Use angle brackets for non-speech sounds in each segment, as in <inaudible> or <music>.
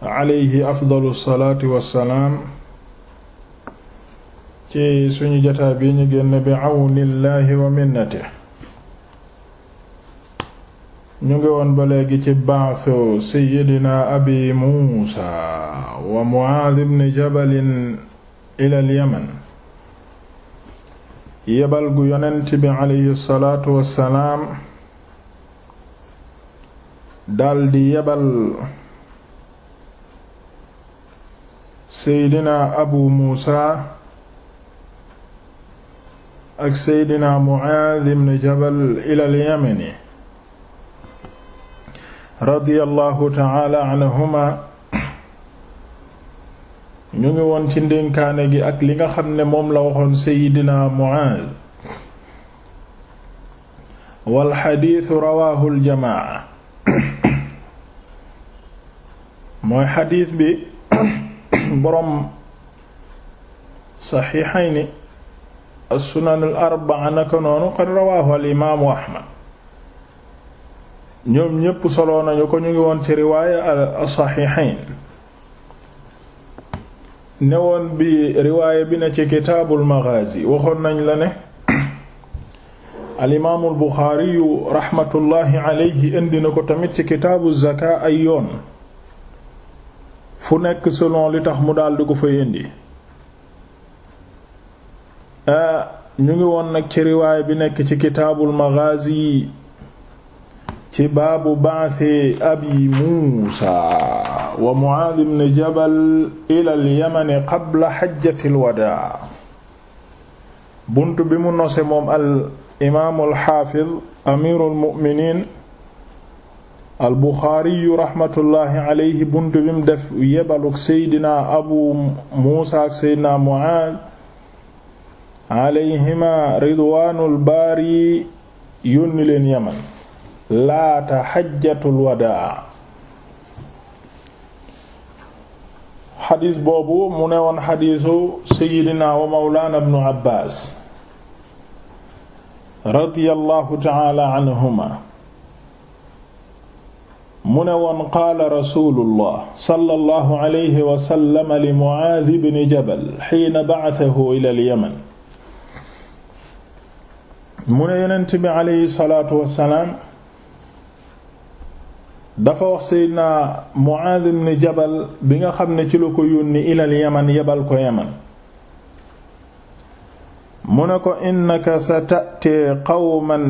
alayhi afdalu salaati wassalaam ci suñu jataa bi ñu génn bi awnillahi wa minnati ñu ngi woon ba léegi ci ba'thu sayyidina abi muusa wa mu'aaz ibn jabalin ila al-yaman yebal gu yonent bi alayhi salaatu wassalaam daldi yebal seydina abu muusa ak seydina muaaz ibn jabal ilal yamani radiyallahu taala anhuma ñu ngi woon ci ndénkaane gi ak li nga xam ne moom la waxoon seydina muaaz wal xadiisu rawaahu al boroom saxiixayni as-sunan al-arba'a naka rawaahu al-imaamu ñoom ñépp solo nañu ko ñu ngi woon ci riwaaya as-saxiixayn ne woon bi riwaaya bi na ci kitaabul maghaazi waxoon nañ la ne al-imaamu al-Buxaari rahmatullahi alayhi indi na ko tamit ci kitaabu zakaa ay yoon fu nekk selon li tax mu daldi ko fa yëndi ñu ngi woon nag ci riwaay bi nekk ci kitaabul maghazi ci baabu ba'thi abi muusa wa mu'adh ibn jabal ila al-yaman qabla hajjatil bunt bi mu nose moom al imaamul xaafid amirul mu'miniin al buxaariyu rahmatullahi alayhi bunt bi mu def yebaluk seydina abu muusa ak seydina muaaz alayhima ridwaanul baari yónni leen yaman laata xajjatul wadaa xadiis boobu mu ne woon xadiisu seydina wa mawlaana ibnu abbaas radiyallahu taala anhuma mu ne woon qaala rasulullah sallallahu alayhi wa sallam li Mu'aaz ibn Jabal hiina ba'athahu ila al-Yaman mu ne yonent bi alayhi salaatu wassalaam dafa wax seydina Mu'aaz ibn Jabal bi nga xam ne ci la ko yónni ila al-Yaman yebal ko Yaman mu ne ko innaka sata'ti qawman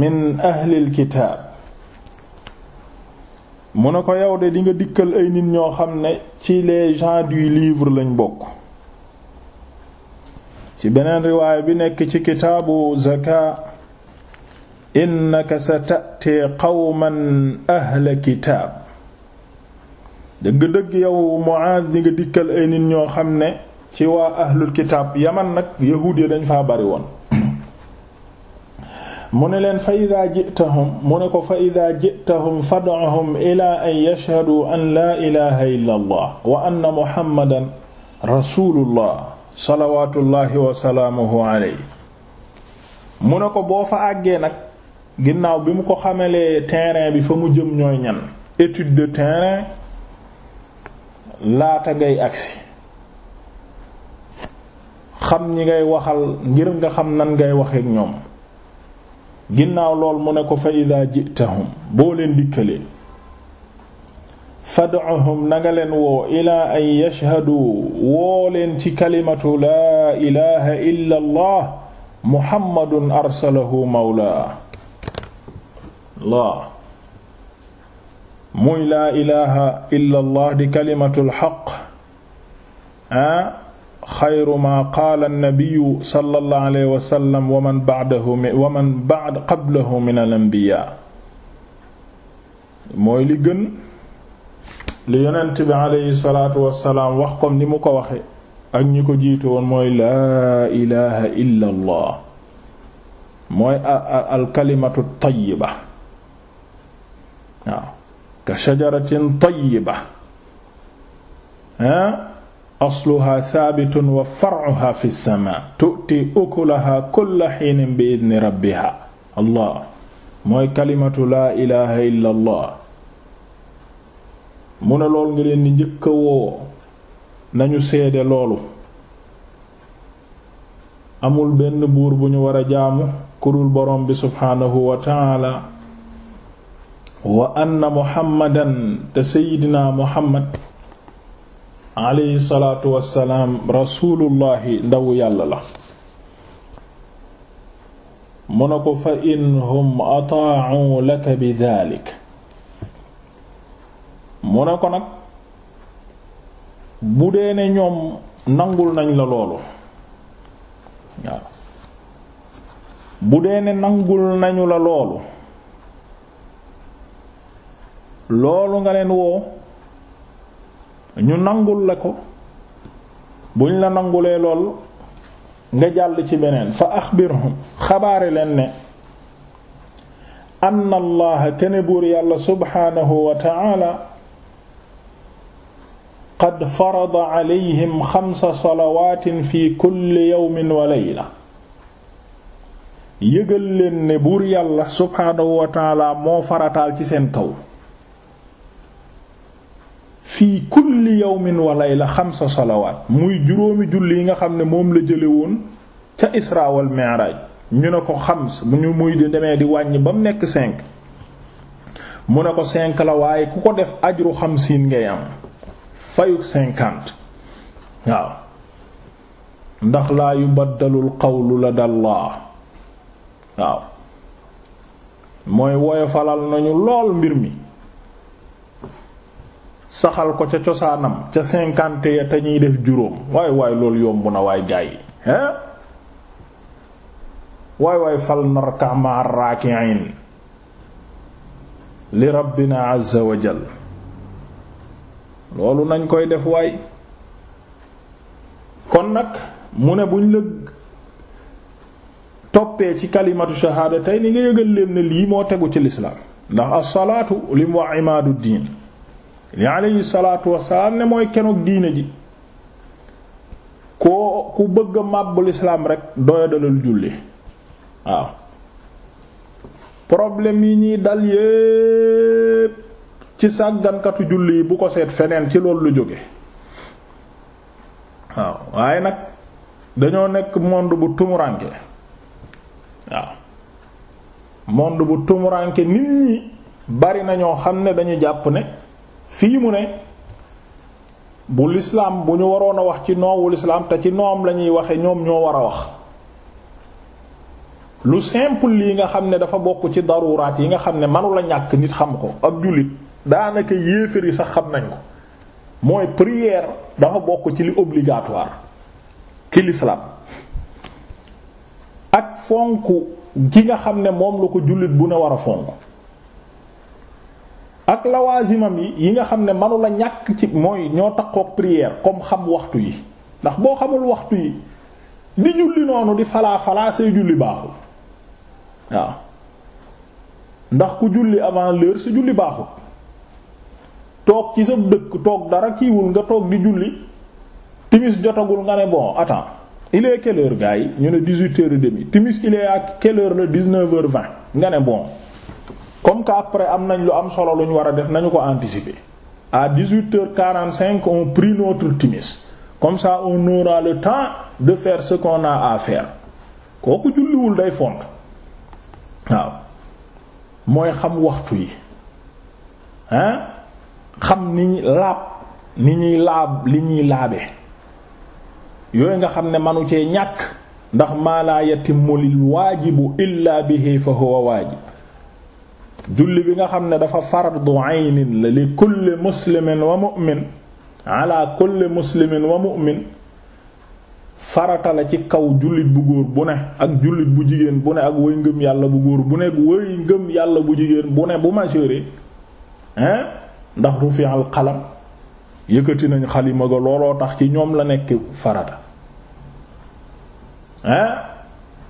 min ahli al-kitaab mu ne ko yow de di nga dikkal ay nit ñoo xam ne ci les gens du livre lañ bokk ci beneen riwaay bi nekk ci kitaabu zaka innaka sa ta'ti qawman ahla kitaab dëgg-dëgg yow Muaaz di nga dikkal ay nit ñoo xam ne ci waa ahlul kitaab yaman nag yahuud ya dañ faa bari woon mu ne leen fa ida jitahum mu ne ko fa ida jitahum fad'uhum ila an yashhadu an laa ilaha illa allah wa anna muhammadan rasulullah salawatullahi wasalaamuhu aley mu ne ko boo fa àggee nag ginnaaw bi mu ko xamalee terrain bi fa mu jëm ñooy ñan étude de terrain laata ngay agsi xam ñi ngay waxal ngir nga xam nan ngay waxeek ñoom ginnaaw lool mu ne ko fa ida jitahum boo leen dikkalee fad'uhum nanga leen woo ilaa an yashhadu woo leen ci kalimatu laa ilaha illa allah muhammadun arsalahu mawlaa muy laa ilaha illa allah di kalimatul xaq ah xayru maa qaala nabiyu sallallahu alayhi wa sallam wa man ba'dahu wa man ba'd qablahu min al anbiyaa mooy li gën li yonent bi alayhi salaatu wassalaam wax comme ni mu ko waxe ak ñi ko jiitu woon mooy laa ilaha illa allah mooy al kalimatu tayyiba waaw ka shajaratin tayyiba ha asluha saabitun wa far'uha fi samaa tu'ti ukulaha kulla hiinin bi idni rabbiha allah mooy kalimatu la ilaha illa allah mu ne lool nga leen woo nañu seede loolu amul benn buur bu ñu war a jaamu kurul borom bi subhaanahu wa taala wa anna muhammadan te seydinaa muhammad alayhi salaatu wassalaam rasuulullahi ndaw yàlla la mu ne ko fa in hum ataa'u laka bi daalik mu ne ko nag bu dee ne ñoom nangul nañ la loolu bu dee ne nangul nañu la loolu loolu nga leen woo ñu nangul la ko buñ la nangulee lool nga jàll ci beneen fa axbirhum xabaare leen ne anna allaha kene buur yàlla subhaanahu wa ta'ala qad farada alayhim xamsa salawaatin fi kulli yawmin wa layla yëgal leen ne buur yàlla subhaanahu wa ta'ala moo farataal ci seen kaw fii kulli yawmin wa layla xamsa salawaat muy juróomi julli yi nga xam ne moom la jële woon ca isra wal ñu ne ko xams bu ñu muy demee di wàññi ba mu nekk cinq mu ne ko cinq la waaye ku ko def ajru xamsiin ngay am fayu cinquante waaw ndax laa yubaddalul qawlu la dallaa waaw mooy woyofalal nañu lool mbir mi saxal ko ca cosaanam ca cinquante ya te ñuy def juróom waay waay loolu yomb na waay gaa yi hein waay waay fal narka ma raaki'in li rabbina azza wa jal loolu nañ koy def waay kon nag mu ne buñ la toppee ci kalimatu shahaada tey ni nga yëgal leen lii moo tegu ci lislaam ndax as-salaatu lim wax imaadu diin li alayhi wassalaam ne mooy kenoog diine ji koo ku bëgg a màbbul islaam rek doyadalal julli waaw problème yi ñuy dal yépp ci sàggankatu julli yi bu ko seet feneen ci loolu jóge waaw waaye nag dañoo nekk monde bu tumuranke waaw monde bu tumuranke nit ñi bari na ñoo xam ne dañu jàpp ne fii mu ne bu lislaam bu ñu waroon a wax ci noowu lislaam te ci noom la ñuy waxe ñoom ñoo war a wax lu simple lii nga xam ne dafa bokk ci daruraat yi nga xam ne manula ñàkk nit xam ko ak jullit daanaka yéefar yi sax xam nañ ko mooy prière dafa bokk ci li obligatoire ci lislaam ak fonk gi nga xam ne moom la ko jullit bu ne war a fonk ak lawaasimam yi yi nga xam ne manu la ñàkk ci mooy ñoo takkook prière comme xam waxtu yi ndax boo xamul waxtu yi di julli noonu di falaa falaa say julli baaxul waaw ndax ku julli avant l'heure si julli baaxul toog ci sa dëkk toog dara kiiwul nga toog di julli timis jotagul nga ne bon attends il est quelle heure ñu ne dix-huit timis il est à quelle le dix-neuf heures nga ne bon comme que après am nañ lu am solo lu ñu war a def nañu ko anticiper à 18h45 on prie notre timis comme ça on le temps de faire ce qu'on a à faire kooku julliwul day font waaw mooy xam waxtu yi xam ni ñuy laab ni ñuy laab li ñuy laabe yooyu nga xam ne manu cee ñàkk ndax maa laa yatimmu lil waajibu illa bihi fa waajib julli bi nga xam ne dafa fardu aynin la li kulli muslimin wa mu'min ala kulli muslimin wa mu'min farata la ci kaw jullit bu góor bu ne ak jullit bu jigéen bu ne ak way ngëm yàlla bu góor bu ne ngëm yàlla bu jigéen bu ne bu majeure hein ndax rufi al qalam yëkkati nañ xalima ga looloo tax ci ñoom la nekk farata hein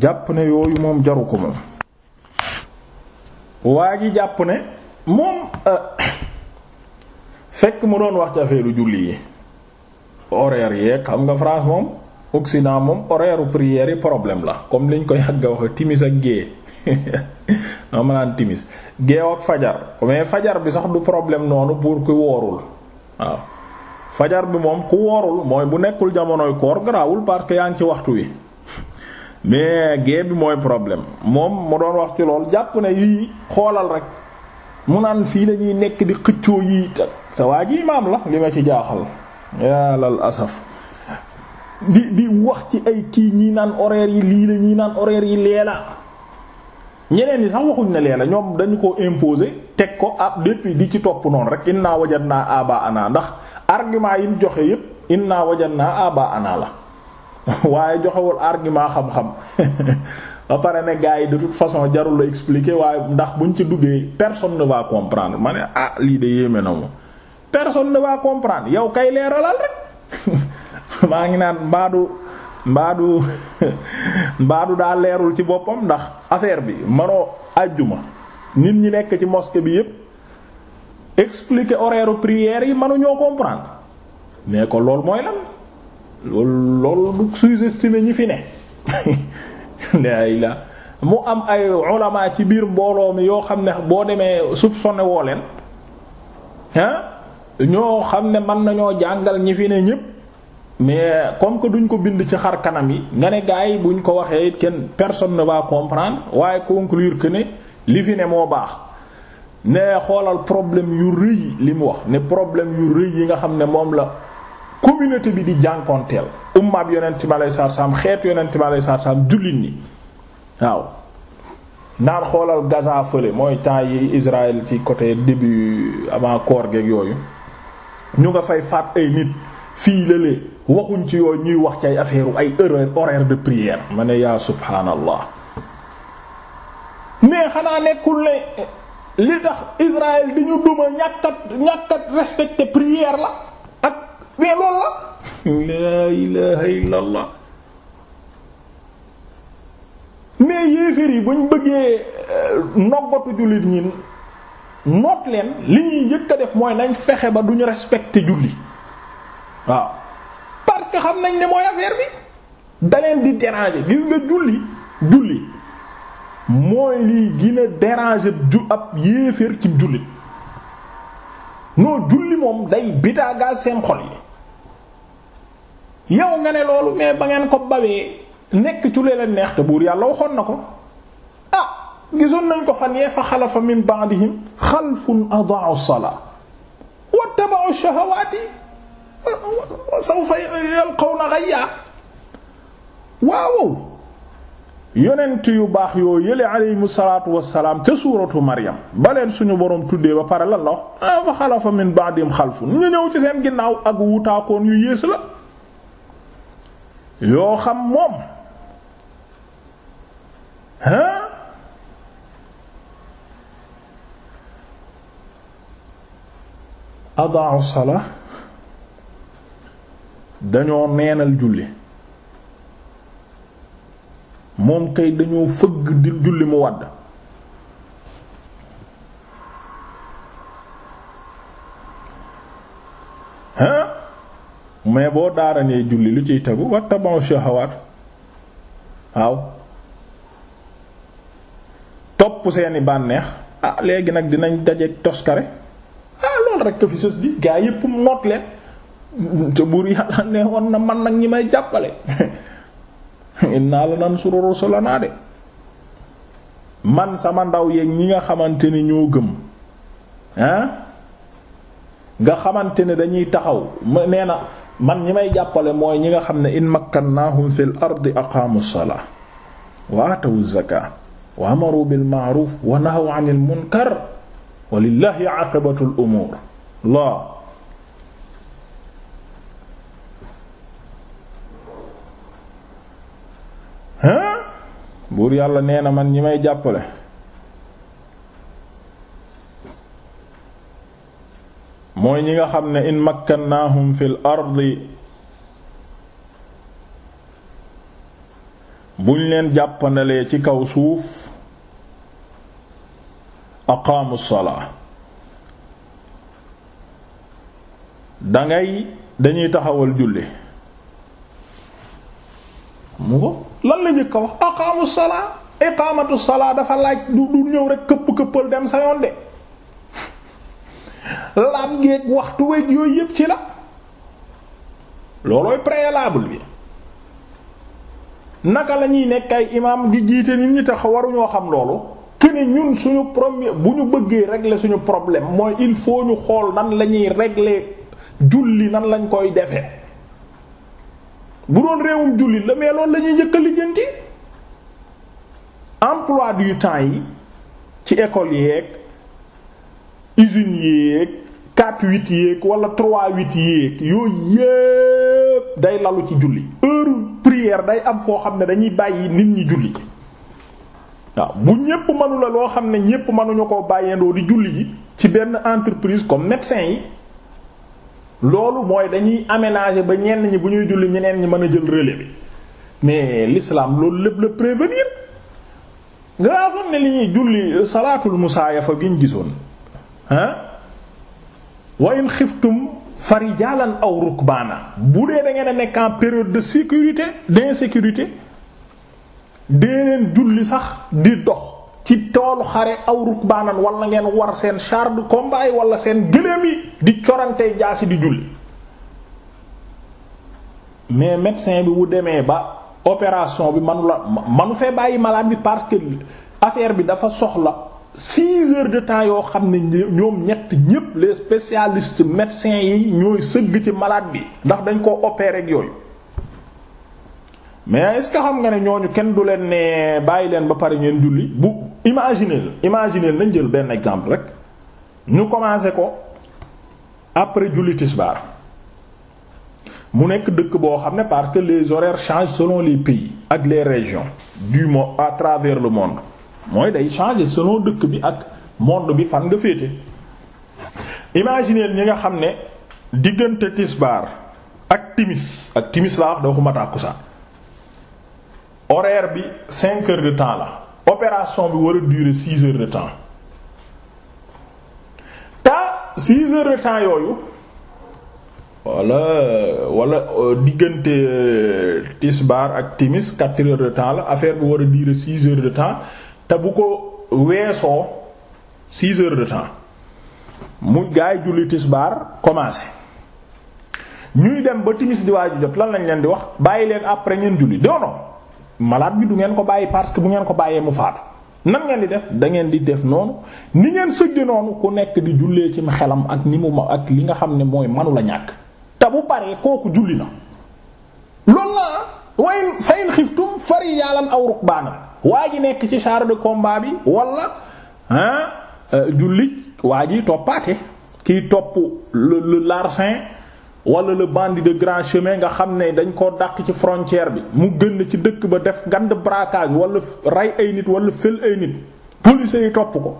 jàpp ne yooyu moom jaru ko moom waa ji jàpp ne moom euh, fekk mu doon wax ci affaire julli yi horaire yeeg xam nga France moom Occident moom horaire prière yi problème la comme liñ koy yàgg a wax timis ak gée <laughs> ma naan timis géew ak fajar mais fajar bi sax du problème noonu pour ku woorul waaw fajar bi moom ku woorul mooy bu nekkul jamonoy koor garaawul parce que yaa ngi ci waxtu wi mais gée bi mooy problème moom mu doon wax ci lool jàpp na yii xoolal rek mu naan fii lañuy nekk di xëccoo yii te te waa ji imaam la li ma ci jaaxal lal asaf di di wax ci ay kii ñii naan horaire yi lii la ñii naan horaire yi lee la ñeneen yi sax waxuñ ne lee la ñoom dañu ko imposer teg ko ab ah, depuis di ci topp noonu rek naa inna naa aba ana ndax argument yi mu joxe yépp inna naa aba ana la <laughs> waaye joxewul argument xam-xam <laughs> ba pare ne gars yi de toute façon jarul la expliquer waaye ndax buñ ci duggee personne ne va comprendre ma ne ah lii de yéeme na moom personne ne va comprendre yow kay leeralal rek <laughs> maa ngi naan mbaadu mbaadu mbaadu daa leerul ci boppam ndax affaire bi manoo àjjuma nit ñi nekk ci mosquée bi yépp expliquer horaire prière yi mënuñoo comprendre mais ko loolu mooy lan. loolu loolu du sous ñi fi ne laay <laughs> la mu am ay ulama ci biir mbooloo mi yoo xam ne boo demee soupçonné woo leen ah ñoo xam ne mën nañoo jàngal ñi fi ne ñépp mais comme que duñ ko bind ci xar kanam yi nga ne gars yi buñ ko waxee it kenn personne ne va comprendre waaye conclure que ne li fi ne moo baax ne xoolal problème yu rëy li mu wax ne problème yu rëy yi nga xam ne moom la communauté bi di jànkoonteel ummaab yonent bi alayhi salaam xeet yonent bi alayhi salaam jullit ñi waaw naan xoolal Gaza fële mooy temps yi Israël ci côté début avant koor geeg yooyu ñu nga fay faat ay nit fii lële waxuñ ci yooyu ñuy wax ci ay affaire ay heure horaire de prière ma ne yaa subhaanallah mais xanaa nekkul ne li tax Israël di duma ñàkkat ñàkkat respecter la mais loolu la mais yéeféer yi buñ bëggee euh, noggatu jullit ñi noot leen li ñuy njëkk a def mooy nañ fexe ba duñu respecté julli waaw parce que xam nañ ne mooy affaire bi da di déranger gis nga julli julli mooy lii gën a ab yéeféer ci jullit non julli moom day bitaagaa seen xol yi yow nga ne loolu mais ba ngeen ko bawee nekk ci leen neex buur yàlla waxoon na ko ah gisoon nañ ko fan yee fa xalafa min ba'dihim xalfun adaa'u salaa wattaba'u shahawaati wa sawfa yalqawna ghayya waaw yonent yu baax yoo yële aleyhimu salaatu wassalaam te suuratu Maryam ba leen suñu boroom tuddee ba pare la wax ah fa xalafa min ba'dihim xalfun ñu ñëw ci seen ginnaaw ak wutaakoon yu yées la yoo xam moom hein adau sala dañoo neenal julli moom kay dañoo fëgg di julli mu wàdd hein mais boo daara nee julli lu ciy tegu wattaba'u shahawaat waaw topp seeni bànneex ah léegi nag dinañ dajeek toskare ah loolu rek fi sës bi gaa yépp noot leen te buur yàlla ne woon na man nag ñi may jàppale naa <laughs> inna lanansuru rusulana de man sama ndaw yeeg ñi nga xamante ni ñoo gëm ah nga xamante ne dañuy taxaw nee na man ñi may jàppale mooy ñi nga xam ne in makkannahum fil ardi aqaamu salaa wa atawu zakaa wa amaru bil ma'ruf wa nahaw 'anil munkar wa lillahi 'aqibatul buur yàlla nee na man ñi may jàppale mooy ñi nga xam ne in makkannaahum fil ardi buñ leen jàppandalee ci kaw suuf aqaamu salaa dangay dañuy taxawal julli mu ko lan la wax aqaamu salaa iqaamatu salaa dafa laaj du du ñëw rek këpp këppal dem sa yoon de laam ngeeg waxtu weeg yooyu yépp ci la loolooy préalable bi naka la ñuy nekk ay imaam di jiite nit ñi tax waruñoo xam loolu que ni ñun suñu premier bu ñu bëggee regle suñu problème mooy il faut ñu xool nan lañuy regle régler julli nan lañ koy defee bu doon réewum julli la mais loolu la njëkk a lijjanti emploi du temps yi ci école yeeg. usines yéeg 4 8 yéeg wala 3 8 yéeg yooyu yépp day lalu ci julli heure prière day am foo xam ne dañuy bàyyi nit ñi julli waaw bu ñépp mënu la loo xam ne ñépp mënuñu ko bàyyeendoo di julli ji ci benn entreprise comme médecin yi loolu mooy dañuy aménager ba ñenn ñi bu ñuy julli ñeneen ñi mën a jël relais bi mais lislaam loolu lépp la prévenir nga xam ne li ñuy julli salaatul musa gi giñ gisoon ah wa in xiftum jaalan aw rukbaana bu dee da ngeen a nekk en période de sécurité d'insécurité dee leen julli sax di dox ci toolu xare aw rukbaanan wala ngeen war seen char de combat yi wala seen gëléem yi di corante jaasi di julli mais médecin bi bu demee ba opération bi manu manu fee bàyyi malade bi parce que affaire bi dafa soxla six heures de temps yoo xam ne ñoom ñett ñépp les spécialistes médecins yi ñooy sëgg ci malaat bi ndax dañ koo opérer ak yooyu mais est-ce que xam nga ne ñooñu kenn du leen ne bàyyi leen ba pare ngeen julli bu imaginer imaginer nañ jël benn exemple rek ñu commencé ko après julli tisbaar mu nekk dëkk boo xam ne parce que les horaires changent selon les pays ak les régions du monde à travers le monde mooy day changer selon dëkk bi ak monde bi fan nga féete imaginez ñi nga xam ne diggante tisbaar ak timis ak timis laa wax da waxuma tàkkusaan horaire bi cinq heures de temps la opération bi war a durer six heures de temps ta six heures de temps yooyu wala wala euh, diggante euh, tisbaar ak timis quatre heures de temps la affaire bi war a durer six heures de temps te bu ko weesoo six heures de temps mu gaay julli tisbaar commencé ñuy dem ba timis di waaju jot lan lañ leen di wax bàyyi leen après ngeen julli non non bi du ngeen ko bàyyi parce que bu ngeen ko bàyyee mu faatu nan ngeen di def da ngeen di def noonu ni ngeen sëgg noonu ku nekk di jullee ci ma xelam ak ni mu ma ak li nga xam ne mooy manu la ñàkk te bu paree kooku julli na loolu la ah. wayn fayin xiftum fari yaalan aw rukbaanan waa ji nekk ci char de combat bi wala ah jullit waa ji toppaate kiy topp le le larcin wala le bandit de grand chemin nga xam ne dañ koo dàq ci frontière bi mu gën ci dëkk ba def gand braquage wala rey ay nit wala fël ay nit police yi topp ko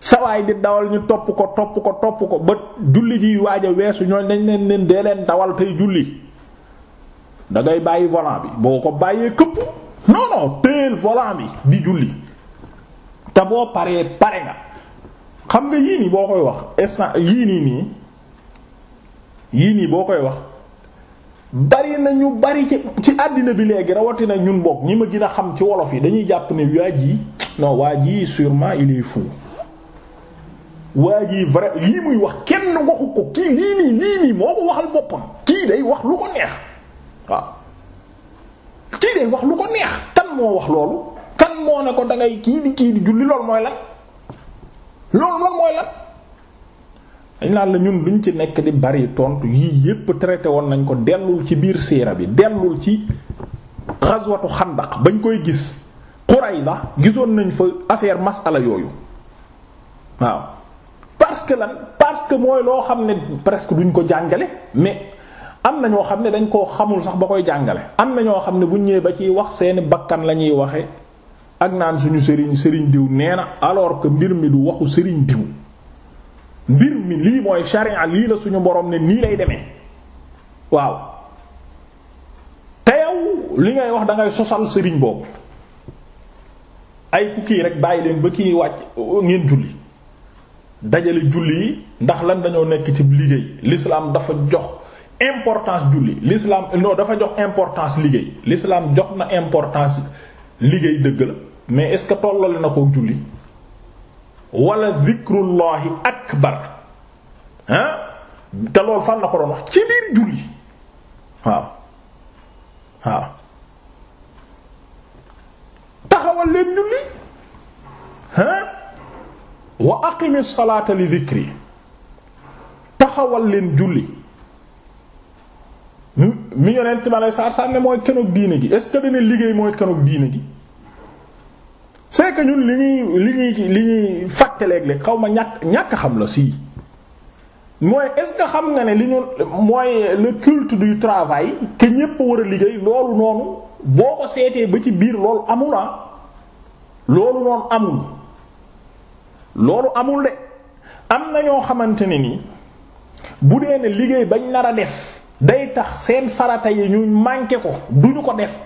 sawaay di dawal ñu topp ko topp ko ba julli ji waaj weesu ñooñ dañ leen leen dee leen dawal tey julli da bàyyi volant bi boo ko bàyyee këpp non non téel bi di julli te boo paree pare nga xam nga yii nii boo koy wax instant yii nii nii yii nii boo koy wax bari na ñu bari ci ci àddina bi léegi rawatina ñun bokk ñi ma gin a xam ci wolof yi dañuy jàpp ne waa ji non waa ji sûrement il est fou waa ji vrai lii muy wax kenn waxu ko kii lii nii lii nii moo ko waxal boppam kii day wax lu ko neex kii day wax lu ko neex kan moo wax loolu kan moo ne ko dangay kii di kii di julli loolu mooy lan loolu lan mooy lan dañ la ñun duñ ci nekk di bari tontu yii yépp traité woon nañ ko dellul ci biir siira bi dellul ci ghazwatu xandaq bañ koy gis la gisoon nañ fa affaire masala yooyu waaw parce que lan parce que mooy loo xam ne presque duñ ko jàngale mais am na ñoo xam ne dañ koo xamul sax ba koy jàngale am na ñoo xam ne bu ñëwee ba ciy wax seeni bakkan la ñuy waxe ak naan suñu sëriñ sëriñ diw nee na alors que mbir mi du waxu sëriñ diw mbir mi lii mooy sharia lii la suñu borom ne nii lay demee waaw te yow li ngay wax da ngay sosal sëriñ boobu ay ku kii rek bàyyi leen ba kii wàcc ngeen julli dajale julli yi ndax lan dañoo nekk ci liggéey l'islam dafa jox importance julli l'islam non dafa jox importance liggéey l'islam jox na importance liggéey dëgg la mais est-ce que tollale na ko julli wala zikrullahi akbar ah te loolu fan ko doon wax ci biir julli waaw waaw taxawal leen julli ah wa aqimi salata li taxawal leen julli mi yonent ma lay saar saar ne mooy kenoog diine gi est-ce que dana liggéey mooy kenoog diine gi c'est que ñun li ñuy li ñuy li ñuy fàtte léeg xaw ma ñàkk ñàkk xam la si mooy est-ce que xam na ne li ñu mooy le culte du travail que ñépp war a liggéey loolu noonu boo ko seetee ba ci biir loolu amul ah loolu noonu amul loolu amul de am na ñoo xamante ne ni bu dee ne liggéey bañ nar a def. day tax seen farata yi ñu manqué ko du duñu ko def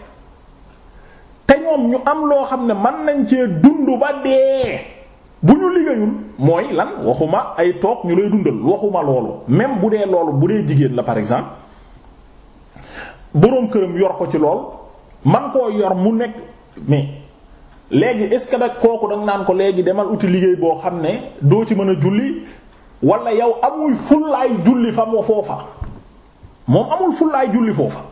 te ñoom ñu am loo xam ne man nañ cee dund ba dee bu ñu liggéeyul mooy lan waxuma ay toog ñu lay dundal waxuma loolu même bu dee loolu bu dee jigéen la par exemple boroom këram yor ko ci lool man koo yor mu nekk mais léegi est-ce que nag kooku danga naan ko léegi demal uti liggéey boo xam ne doo ci mën a julli wala yow amuy fullaay julli fa moo foofa moom amul fullaay julli foofa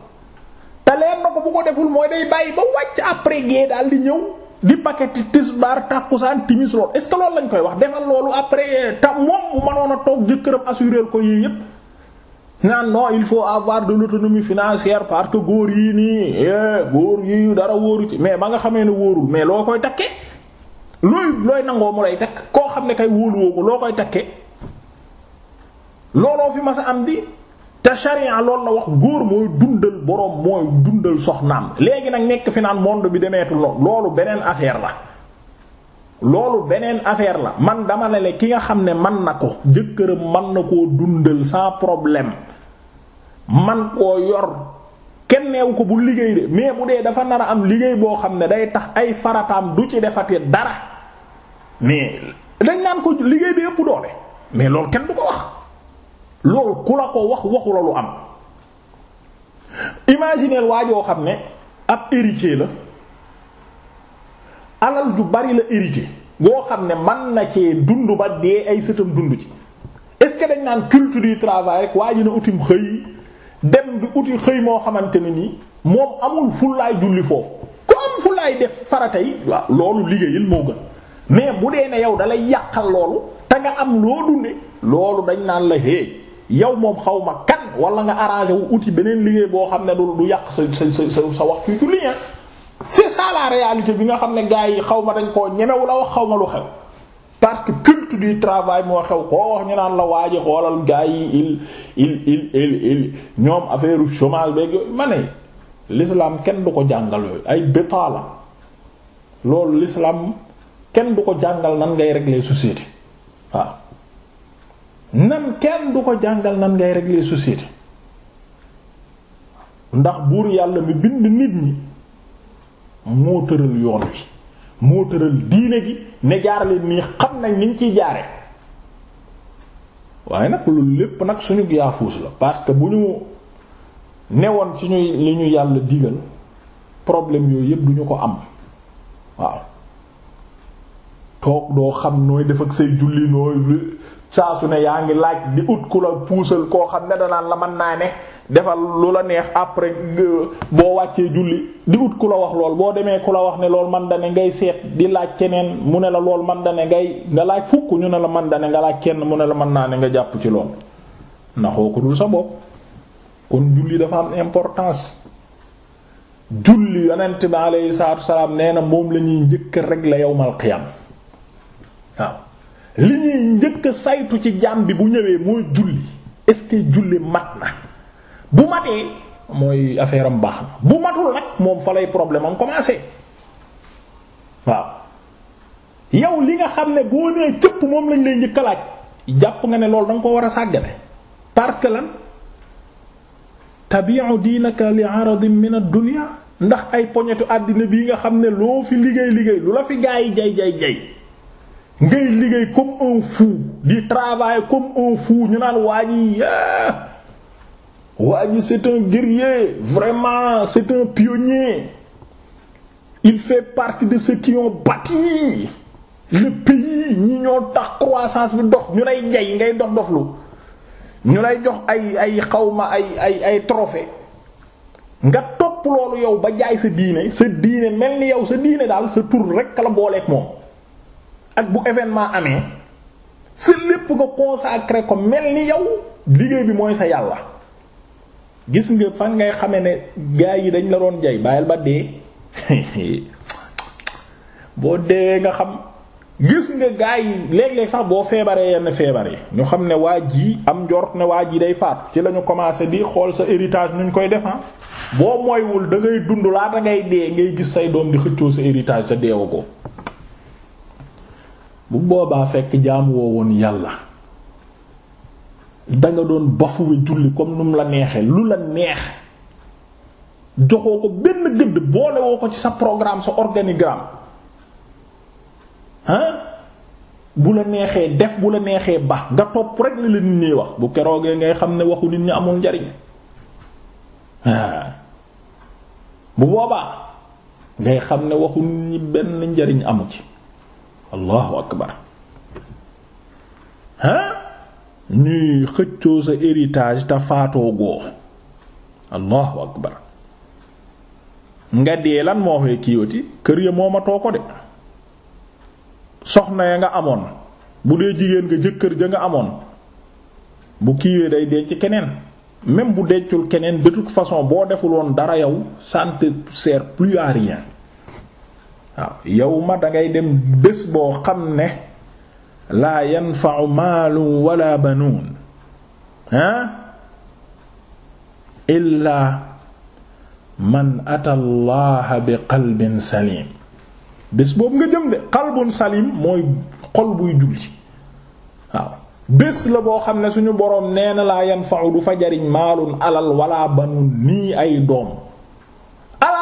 te leer na ko bu ko deful mooy day bàyyi ba wàcc après gée daal di ñëw di paketi tisbaar tàkkusaan timis lool est ce que loolu lañ koy wax defal loolu après ta moom mu mënoon a toog jëkkëram assuré ko yii yépp naan non il faut avoir de l'autonomie financière parce que góor yii nii eh, góor yi dara wóoru ci mais ba nga xamee ne wóorul mais loo koy takke looy looy nangoo mu lay takk koo xam ne kay wóoluwoo loo koy takke looloo fi mas a am di te sharia loolu la wax góor mooy dundal boroom mooy dundal soxnaam léegi nag nekk fi naan monde bi demeetul loolu beneen affaire la loolu beneen affaire la man dama ne le ki nga xam ne man na ko jëkkëram man na ko dundal sans problème man koo yor kenn neewu ko bu liggéey de mais bu dee dafa nar a am liggéey boo xam ne day tax ay farataam du ci defati dara mais dañ naan ko liggéey bi ëpp doole mais loolu kenn du ko wax loolu ku la ko wax waxu la lu am imagineel waa joo xam ne ab héritier la alal ju bari la hérité goo xam ne man na ce dund ba dee ay sëtam dund ci est-ce que dañ naan culture du travail rek waa ji ne utim xëy dem di uti xëy moo xamante ne ni moom amul fullaay julli foofu ku am fullaay def farata yi waaw loolu liggéeyil moo gën mais bu dee ne yow dalay yàqal loolu te nga am loo dunde loolu dañ naan la xéey yow moom xaw ma kan wala nga arrangé wu uti beneen liggéey boo xam ne du du yàq sa sa sa sa waxtu ci lien ah. c'est ça la réalité bi nga xam ne gars yi xaw ma dañ koo ñemewu la wax xaw ma lu xew parce que culte du travail moo xew koo wax ñu naan la waa ji xoolal gars yi il il il il il ñoom affaire chômage beeg yooyu ma ne l'islam kenn du ko jàngal yooyu ay béta la loolu l'islam kenn du ko jàngal nan ngay régler société waaw nan kenn du ko jàngal nan ngay régler société ndax buur yàlla mi bind nit ñi moo tëral yoon wi moo tëral diine gi ne jaarale nii xam nañ niñ ciy jaare waaye nag loolu lépp nag suñu yaafuus la parce que bu ñu newoon ci ñuy li ñu yàlla digal problème yooyu yëpp duñu ko am waaw toog doo xam nooy def ak say julli nooy saa su ne yaa ngi laaj di ut ku la puusal koo xam ne danaan la man naa ne defal lu la neex après boo wàccee julli di ut ku la wax lool boo demee ku la wax ne lool man da ne ngay seet di laaj keneen mu ne la lool man da ne ngay nga laaj fukk ñu ne la man da ne nga laaj kenn mu ne la mën naa ne nga jàpp ci lool ndaxoo ko dul sa bopp kon julli dafa am importance julli yonent bi alayhi salaatu wa salaam nee na moom la ñuy njëkk rek la yow qiyaam waaw li ñuy njëkk saytu ci jaam bi bu ñëwee mooy julli est-ce que julli mat na bu matee mooy affaire baax na bu matul nag moom fa lay problème am commencé waaw yow li nga xam ne boo nee cëpp moom lañ lay njëkk laaj jàpp nga ne loolu da ko war a sàggane parce que lan tabi'u diinaka li 'aradin min ad-dunya ndax ay poñetu àddina bii nga xam ne loo fi liggéey liggéey lu la fi gaa yi jay jay jay ngay liggéey comme un fou di travailler comme un fou ñu naan waa ji waa ji c'est un guerrier vraiment c'est un pionnier il fait partie de ceux qui ont bâti le pays ñi ñoo tax croissance bi dox ñu lay jay ngay dox doflu ñu lay jox ay ay xawma ay ay ay trophée nga topp loolu yow ba jaay sa diine sa diine mel ni yow sa diine daal sa tur rekk la booleek moom ak bu événement amee sa lépp nga consacré ko mel ni yow liggéey bi mooy sa yàlla gis nga fan ngay xame ne gaa yi dañ la doon jay bàyyil ba dee <laughs> boo deewee nga xam gis nga gaa yi léeg-léeg sax boo feebaree yenn feebar yi ñu xam ne waa jii am njort ne waa ji day faat ci lañu ñu commencé di xool sa héritage nuñ koy defan ah. boo moywul da ngay dund laata ngay dee ngay gis say doom di xëccoo sa héritage te deewu ko bu boobaa fekk jaamu woo woon yàlla danga doon bafuwe julli comme nu mu la neexee lu la neex joxoo ko benn gëdd boole woo ko ci sa programme sa organigramme hein bu la neexee def bu la neexee ba nga topp rek li la nit ñi wax bu keroogee ngay xam ne waxu nit ñi amul njariñ bu boobaa ngay xam ne waxu nit ñi benn njariñ amu ci allahu akbar ah ñuy xëccoo sa héritage te faatoo goo allahu akbar nga dee lan moo xee kiiwati kër ya moomatoo ko de soxna ya nga amoon bu dee jigéen nga jëkkër ja nga amoon bu kiiwee day denc keneen même bu dencul keneen de toute façon boo deful woon dara yow ça ne plus à rien waaw yawma dangay dem bés boo xam ne laa yanfa'u maalun wala banuun ah illaa man ata allaha bi qalbin salim bés boobu nga jëm de qalbun salim mooy xol buy julli waaw bés la boo xam ne suñu boroom nee na laa yanfa'u du fa jariñ maalun alal wala banuun nii ay doom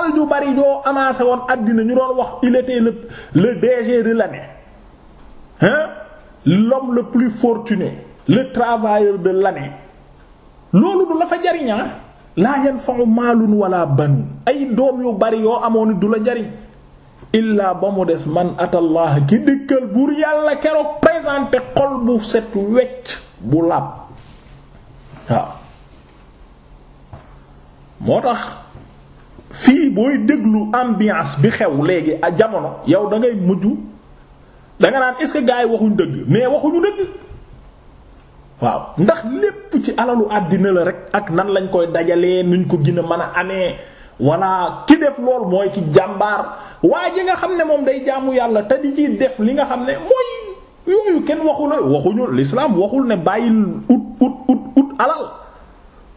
alal bari joo amassé woon àddina ñu doon wax il était le le DG de l'année hein l'homme le plus fortuné le travailleur de l'année loolu du la fa jariñaa ah? laa yanfa'u maalun wala banun ay doom yu bari yoo amoon du la jariñ illaa ba mu des man atallah ki dëkkal buur yàlla keroog présenté xol bu set wecc bu làpp moo tax fii booy déglu ambiance bi xew léegi a jamono yow da ngay mujj danga naan est-ce que gars yi waxuñ dëgg mais waxuñu dëgg waaw ndax lépp ci alalu àddina la rek ak nan lañ koy dajalee nuñ ko gën a mën a amee walla ki def lool mooy ki jàmbaar waa ji nga xam ne moom day jàmmu yàlla te di ci def li nga xam ne mooy yooyu kenn waxu la waxuñu l'islam waxul ne bàyyil ut ut ut ut alal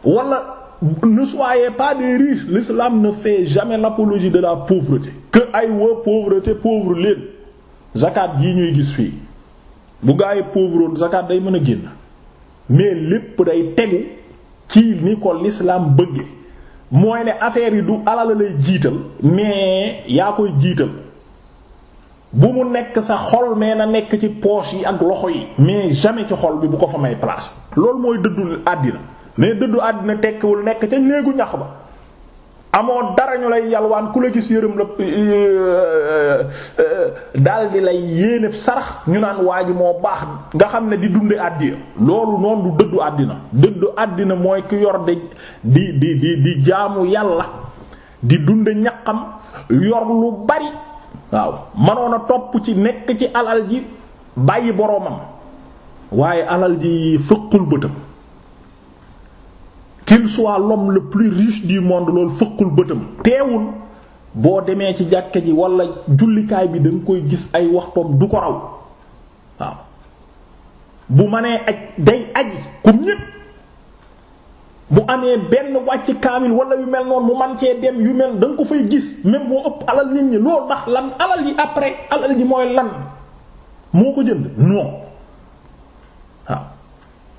wala ne soyez pas des riches l'islam ne fait jamais l'apologie de la pauvreté que ay wa pauvreté pauvre leen zakat yi ñuy gis fii bu gaa yi pauvroon zakat day mën a génn mais lépp day tegu ci ni ko l'islam bëgge mooy ne affaire yi du alal lay jiital mais yaa koy jiital bu mu nekk sa xol mais na nekk ci poche yi ak loxo yi mais jamais ci xol bi bu ko fa may place loolu mooy dëddul àddina mais dëddu àddina tekkiwul nekk ca néegu ñax ba amoo dara ñu lay yalwaan ku la gis yërëm la euh, euh, daldi lay yéene sarax ñu naan waa ji moo baax nga xam ne di dunde àddina loolu noonu du dëddu àddina dëddu àddina mooy ki yor di di di di jaamu yàlla di dunde ñaqam yor lu bari waaw manoon a topp ci nekk ci alal ji bàyyi boroomam waaye alal ji fëqul bëtam qu'il soit l'homme le plus riche du monde loolu fëqul bëtam teewul boo demee ci jàkka ji walla jullikaay bi da koy gis ay waxtoom du ko raw waaw bu mënee aj day aji comme ñépp bu amee benn wàcc kaamil wala yu mel noonu mu man cee dem yu mel da nga ko fay gis même moo ëpp alal nit ñi loolu ndax lan alal yi après alal ji mooy lan moo ko jënd non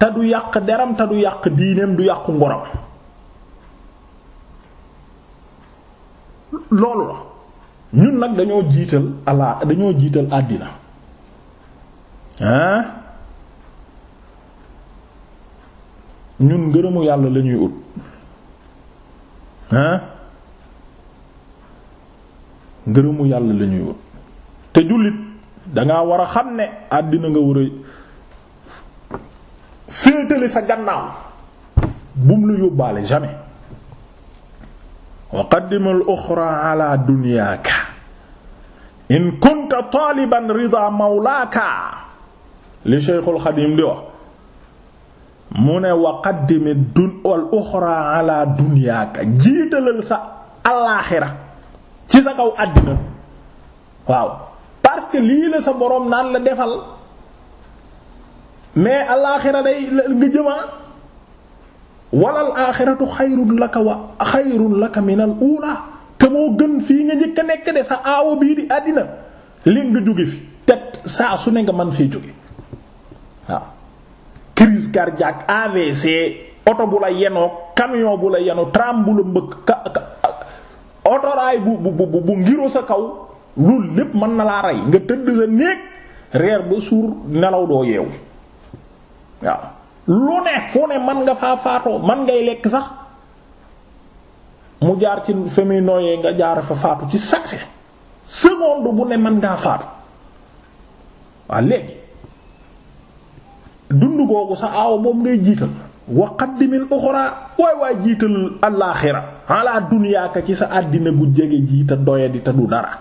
te du yàq deram te du yàq diineem du yàqu ngoram loolu la ñun nag dañoo jiital ala dañoo jiital àddina hein ñun ngërëmu yàlla lañuy ut hein ngërëmu yàlla lañuy ut te jullit danga war a xam ne àddina nga war a féetale sa gannaaw bum lu yóbbaale jamais wa qaddimal uxra ala dunyaaka in kunta taaliban rida mawlaaka li Cheikhul Xadim di wax mu ne wa qaddimi dun wal uxra ala jiitalal sa alaaxira ci sa kaw àddina waaw parce que lii la sa boroom naan la defal mais alaaxira day nga jëmaa walal aaxiratu xayrun laka wa xayrun laka minal uula te moo gën fii nga jëkk a nekk de sa aawo bii di àddina li nga jóge fi te saa su ne nga mën fee jóge waaw crise cardiaque AVC oto bu la yenoo camion bu la yenoo tram bu la mbëkk otoraay bu bu bu bu ngiro sa kaw loolu lépp mën na laa rey nga tëdd sa néeg reer ba suur nelaw doo yeewu waaw lu ne fu ne man nga faa faatoo man ngay lekk sax mu jaar ci fi muy nooyee nga jaar fa faatu ci saxe seconde bu ne man ngaa faatu waaw léegi dund googu sa aaw boobu ngay jiital wa qaddimil uxra waay waay jiital alaaxira ala dunyaaka ci sa àddina bu jege jiita doya di ta du dara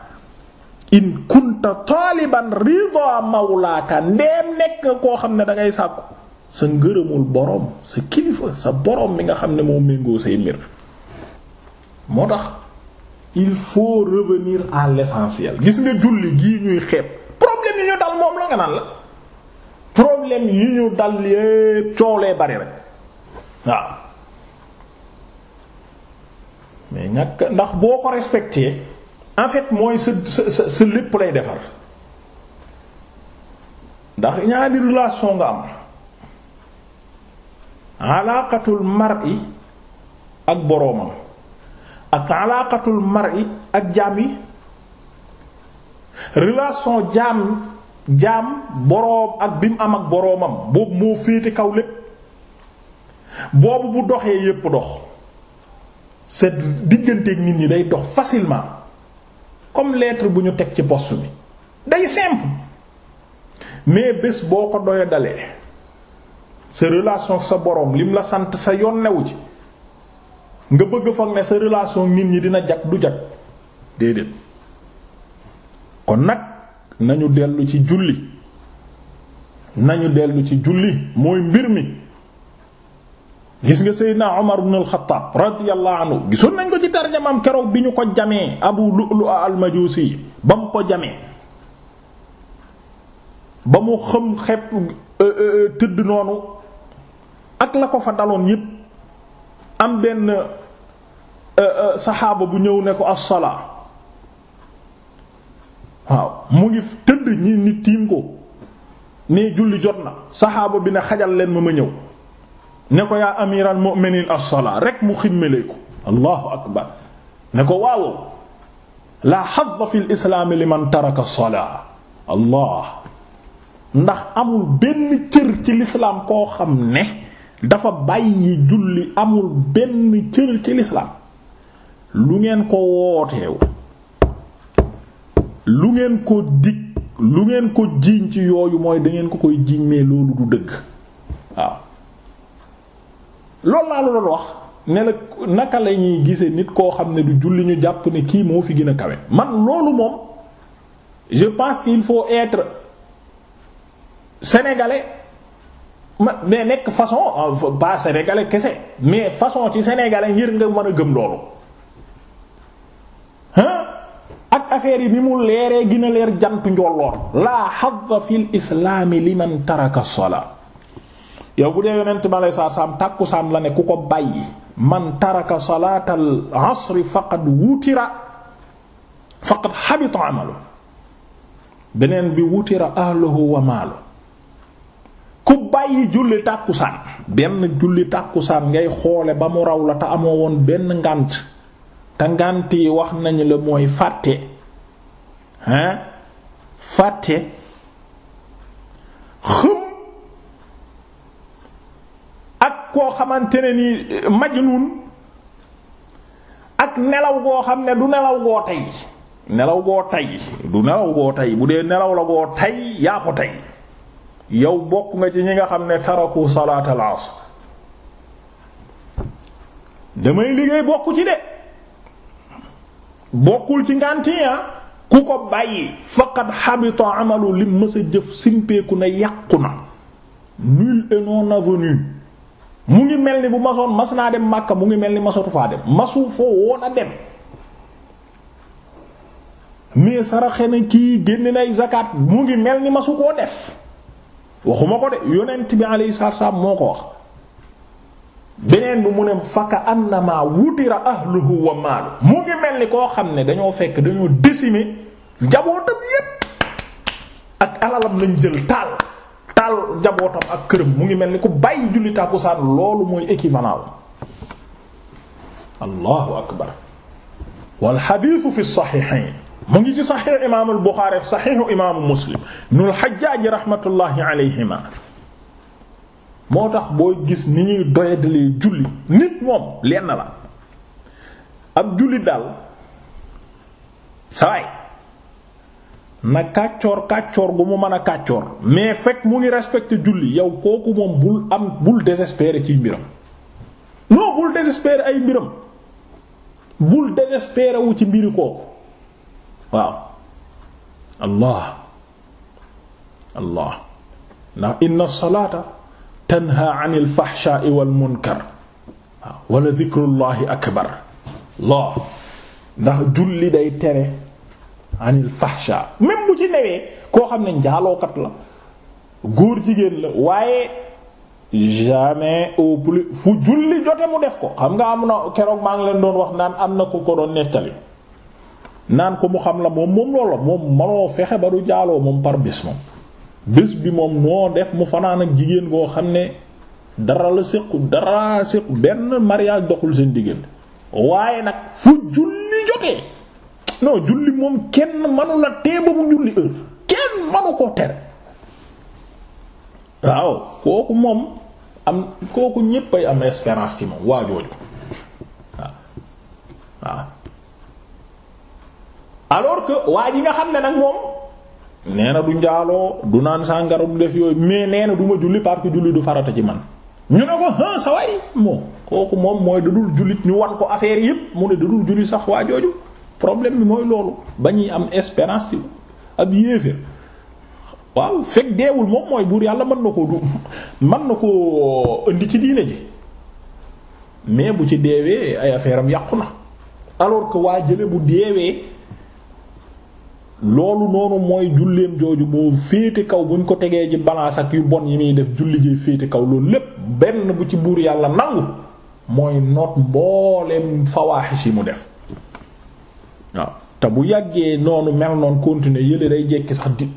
in kunta taaliban rida mawlaaka ndeem nekk koo xam ne dangay sàkku sa ngërëmul boroom sa kilifa sa boroom mi nga xam ne moo méngoo say mbir moo tax il faut revenir à l'essentiel gis nga julli gii ñuy xeeb problème yi ñu dal moom la nga naan la problème yi ñu dal yépp coolee bari rek waaw mais ñàkk ndax boo ko respecté en fait mooy sa sa sa lépp lay defar ndax ñaari relation nga am alaaqatul mar'i ak boroomam ak alaaqatul mar'i ak jaam yi relation jaam jaam boroom ak bi mu am ak boroomam boobu moo féete kaw lépp boobu bu doxee yépp dox sa digganteeg nit ñi day dox facilement comme lettre bu ñu teg ci poste bi day simple mais bés boo ko doya sa relation sa boroom lim la sant sa yoon newu ci nga bëgg foog ne sa relation nit ñi dina jag du jag déedéet kon nag nañu dellu ci julli nañu dellu ci julli mooy mbir mi gis nga Seydina Omar ibn al-Khattab radiyallahu anhu gisoon nañ ko ci tarjamam keroog bi ñu ko jamee Abu Lu'lu'a al-Majusi ba mu ko jamee ba mu xëm xepp euh, euh, euh, tëdd noonu ak la ko fa daloon yépp am benn euh, euh, saxaaba bu ñëw ne ko as-salaa waaw mu ngi tëdd ñi nit tiim ko ne julli jot na saxaaba bi ne xajal leen ma ma ñëw ne ko yaa amiral mu'minin as-salaa rek mu ximmelee ko allahu akbar ne ko waawoo laa xadda fi lislaami li man taraka salaa allah ndax amul benn cër ci lislaam koo xam ne dafa bàyyi julli amul benn cër ci lislaam lu ngeen ko wooteew lu ngeen ko dig lu ngeen ko jiiñ ci yooyu mooy dangeen ko koy jiiñ mais loolu du dëgg waaw loolu laa la doon wax ne la naka la ñuy gisee nit koo xam ne du julli ñu jàpp ne kii moo fi gën a kawe man loolu moom je pense qu'il faut être sénégalais mais nekk façon pas euh, sénégalais kese mais façon ci sénégalais ngir nga mën a gëm loolu hein ak affaire yi ni mu leeree gën a leer jantu njolloor laa hadda fil islaami liman taraka salaa yow bu dee yonent ma lay saa saam tàkkusaan la ne ku ko bàyyi man taraka salaatal asri faqad wutira faqad habita amalu beneen bi wutira ahluhu wa maalu ku bàyyi julli tàkkusaan benn julli tàkkusaan ngay xoole ba mu raw la te amoo woon benn ngànt te ngànt yi wax nañu la mooy fàtte hein fàtte xëm ak koo xamante ne ni majnun ak nelaw goo xam ne du nelaw goo tey nelaw goo tey du nelaw goo tey bu dee nelaw la goo tey yaa ko tey yow bokk nga ci ñi nga xam ne taraku salaatal asr damay liggéey bokk ci de bokkul ci ngàntiya ah. ku ko bàyyi faqad habita amalu li mës jëf simpeeku na yàqu na nul et non avenu mu ngi mel ni bu masoon mas naa dem Makka mu ngi mel ni masatu faa dem masu foo woon a dem mais saraxe na kii génn nay zakat mu ngi mel ni masu koo def waxuma ko de yonent bi alayhi salaam moo ko wax beneen bi mu ne faka annama wutira ahluhu wa maalu mu ngi mel ni koo xam ne dañoo fekk dañoo décimer njabootam yépp ak alalam lañ jël taal taal njabootam ak këram mu ngi mel ni ku bàyyi julli tàkkusaan loolu mooy équivalent allahu akbar wal fi saxiixayn mu ngi ci saxiix imaamul Buxaari ak saxiixu imaamu Muslim nul Xajjaaj rahmatullahi alayhima moo tax booy gis ni ñuy doyadalee julli nit moom leen na la ab julli daal sawaay na kàccoor kàccoor gu mu mën a kàccoor mais fekk mu ngi respecté julli yow kooku moom bul am bul désespéré ci mbiram non bul désespéré ay mbiram bul désespéré ci mbiri kooku waaw allah allah ndax inna salaata tanha anil fahsha'i wal munkar waaw wala dhikrullahi akbar loo ndax julli day tere anil fahsha même bu ci newee koo xam ne njaalookat la góor jigéen la waaye jamais au plus fu julli jote mu def ko xam nga am na keroog maa ngi leen wax naan am na ku ko doon nettali naan ko mu xam la moom moom loolu la moom manoo fexe ba du jaaloo moom par bés moom bés bi moom moo def mu fanaan ak jigéen goo xam ne dara la séqu dara séqu benn mariage doxul seen diggante waaye nag fu julli jotee non julli moom kenn manu la tee julli kenn manu ko tere waaw kooku moom am kooku ñépp am espérance ci moom waajooju waaw waaw alors que waa ji nga xam ne nag moom nee na du njaaloo du naan sàngara du def yooyu mais nee na du ma julli parce que julli du farata ci man ñu ne ko ah sa waay moom kooku moom mooy dadul jullit ñu wan ko affaire yépp mu ne dadul julli sax waa jooju problème bi mooy loolu ba ñuy am espérance ci ab yéeféer waaw fekk deewul moom mooy buur yàlla mën na ko du mën na koo indi ci diine ji mais bu ci deewee ay affaire am yàqu na alors que waa jële bu deewee loolu noonu mooy julleem jooju moo féete kaw buñ ko tegee ji balance ak yu bon yi muy def julli jee féete kaw loolu lépp benn bu ci buur yàlla nangu mooy noot mbooleem fawaaxis yi mu def waaw te bu yàggee noonu mel noonu continuer yële day jekki sax di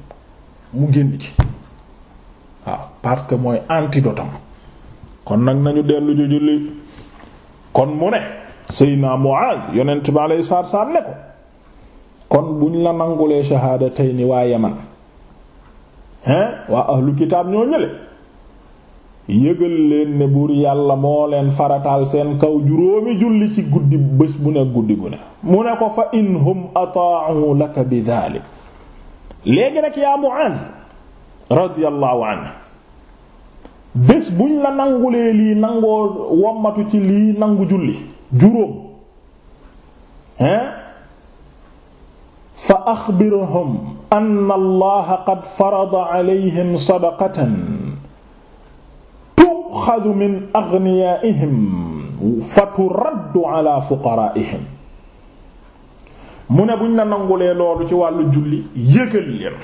mu génn ci waaw parce mooy antidotam kon nag nañu dellu ju julli kon mu ne naa Muaaz yonent bi alayhi salaatu wa ne ko kon buñ la nangulee shahaadatayni waa yaman hein waa ahlu kitaab ñoo ñële yëgal leen ne buur yàlla moo leen farataal seen kaw juróomi julli ci guddi bés bu ne guddi gu ne mu ne ko fa inhum ataa'u laka bi dhalik léegi nag yaa Mu'aaz radiyallahu anhu bés buñ la nangulee lii nangoo wommatu ci lii nangu julli juróom hein fa axbirhum anna allaha qad farada alayhim sadaqatan tuxadu min aghniyaihim fa turaddu ala fuqaraihim mu ne buñ la nangulee loolu ci wàllu julli yëgal leen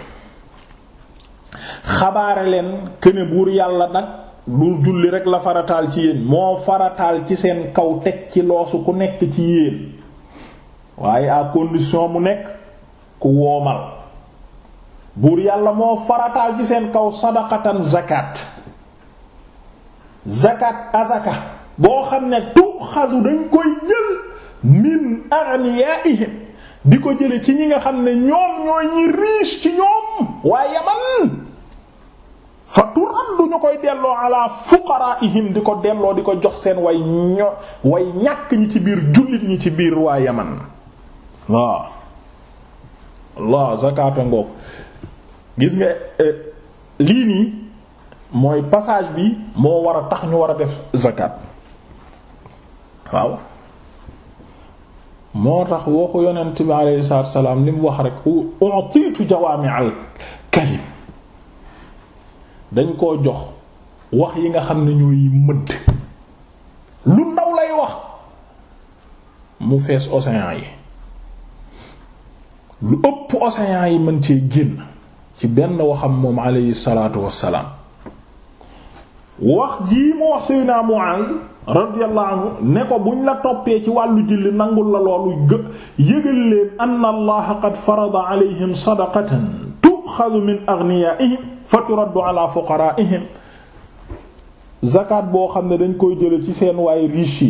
xabaare leen këne buur yàlla nag du julli rekk la farataal ci yéen moo farataal ci seen kaw teg ci loosu ku nekk ci yéen waaye à condition mu nekk ku woomal buur yàlla moo farataal ci seen kaw sadaqatan zakat zakat azaka boo xam ne tu xadu dañ koy jël min aghniyaihim di ko jële ci ñi nga xam ne ñoom ñooy ñi riche ci ñoom waa yaman fa turaddu ñu koy delloo ala fuqaraihim di ko delloo di ko jox seen way ño way ñàkk ñi ci biir jullit ñi ci biir waa yaman waaw Allah zakata ngoog gis nga eh, lii nii mooy passage bi moo war a tax ñu war a def zakat waaw moo tax waxu yonent bi alayhi salaatu wa salaam li mu wax rek utiitu jawaami'al kalim dañ koo jox wax yi nga xam ne ñooy mëdd lu ndaw lay wax mu fees océan yi lu ëpp océan yi mën cee génn ci benn waxam moom aleyhi salaatu wassalaam wax jii mu wax Seydina Mu'aaz radiyallahu anhu ne ko buñ la toppee ci wàllu julli nangul la loolu gë yëgal leen anna allaha qad farada alayhim sadaqatan tu'khadhu min aghniyaihim fa turaddu ala fuqaraihim zakat boo xam ne dañ koy jële ci seen waay riche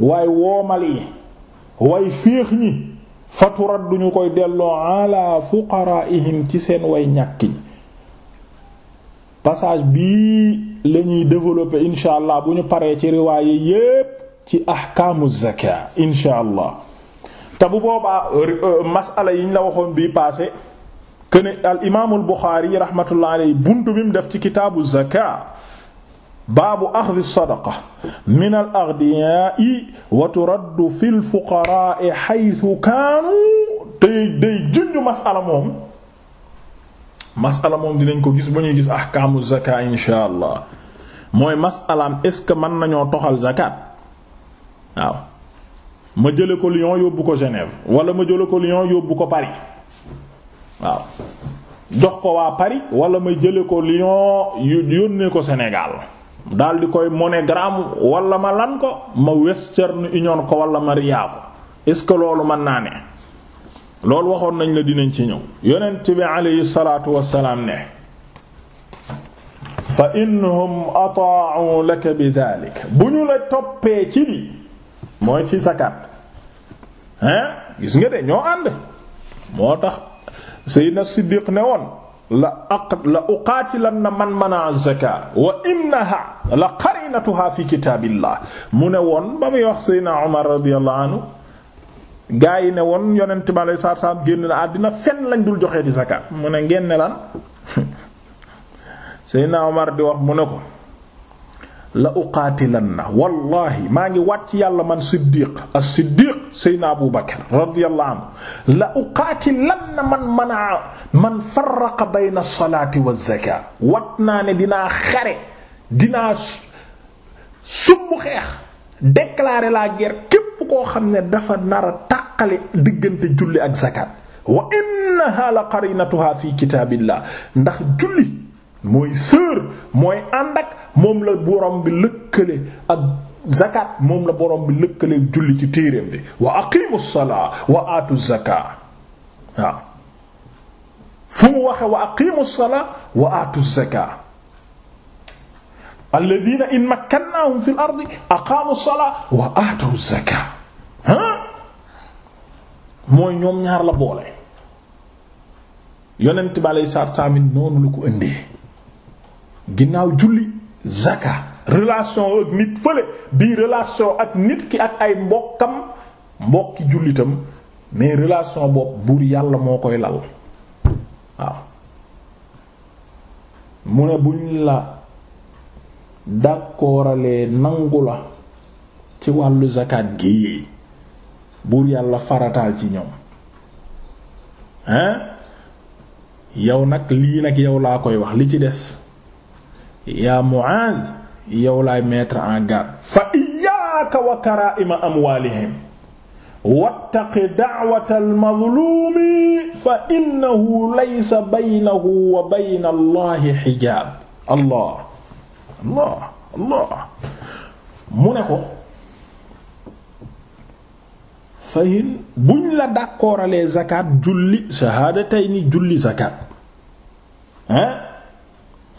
yi woomal yi waay féex ñi fa turad duñu koy delloo ala fuqaraihim ci seen way ñàkkiñ passage bii la ñuy développer insha allah bu ñu paree ci riwaaye yépp ci ahkaamu zaka insha allah te bu boobaa euh, masala yiñ la waxoon bii passé que ne al imaamul Buxaari rahmatullah alayhi bunt bi mu def ci kitaabu zaka baabu axdi sadaqa min al aghniyaa'i wa turaddu fil fuqaraa'i haythu kaanu tey day junj masala moom masala moom dinañ ko gis ba ñuy gis ahkaamu zakat insha mooy masalaam est ce que mën nañoo toxal zakat waaw ma jële ko Lyon yóbbu ko Genève wala ma jële ko Lyon yóbbu ko Paris waaw jox ko waa Paris wala ma jële ko Lyon yónnee ko Sénégal daal di koy MoneyGram wala ma lan ko ma Western Union ko wala ma Ria ko est ce que loolu mën naa ne loolu waxoon nañ la dinañ ci ñëw yonent bi aleyhi salaatu wassalaam ne fa innahum ata'u laka bi dhalik bu ñu la toppee ci li mooy ci zakat hein gis nga de ñoo ànd moo tax Seydina Siddiq ne woon la aq la uqaatilan na man mana zaka wa innaha la qarinatuha fi kitaabillah mu ne woon ba muy wax Seydina Omar radiyallahu anhu gaa yi ne woon yonent bi aleyhi salaatu salaam génn na àddina fenn lañ dul joxee di zaka mu ne ngeen ne lan <laughs> Seydina Omar di wax mu ne ko la uqaatilanna wallahi maa ngi waat ci yàlla man siddiq as-siddiq saydna abu bakar radiyallahu anhu la uqaatilanna man manaa man farraqa bayna salaati wa zakat wat naa ne dinaa xare dinaa sumb xeex déclarer la guerre képp koo xam ne dafa nar a tàqale diggante julli ak zakat wa innaha la qarinatuha fi kitaabillah ndax julli mooy sœur mooy ànd moom la borom bi lëkkale ak zakat moom la borom bi lëkkale ak julli ci téereem bi wa aqimu salaa wa aatu zakaa waaw fu mu waxe wa aqimu salaa wa aatu zakaa alladhina in makkannahum fil ardi aqaamu salaa wa aatu zakaa ha mooy ñoom ñaar la boole yonent bi alayhi salaatu wa salaam noonu la ko ëndee ginnaaw julli zaka relation ak nit fële di relation ak nit ki ak ay mbokkam mbokki jullitam mais relation bopp buur yàlla moo koy lal waaw mu ne buñ la dàkkooralee nangu la ci wàllu zakat gi buur yàlla farataal ci ñoom hein yow nag lii nag yow laa koy wax li ci des yaa Mu'aaz yow laay mettre en garde fa iyyaaka wa karaa'ima amwaalihim wattaqi da'watal mazluumi fa innahu laysa baynahu wa bayna Allahi hijaab Allah Allah Allah mu ne ko fahin buñ la d'accooralee zakat julli shahadatayni julli zakat hein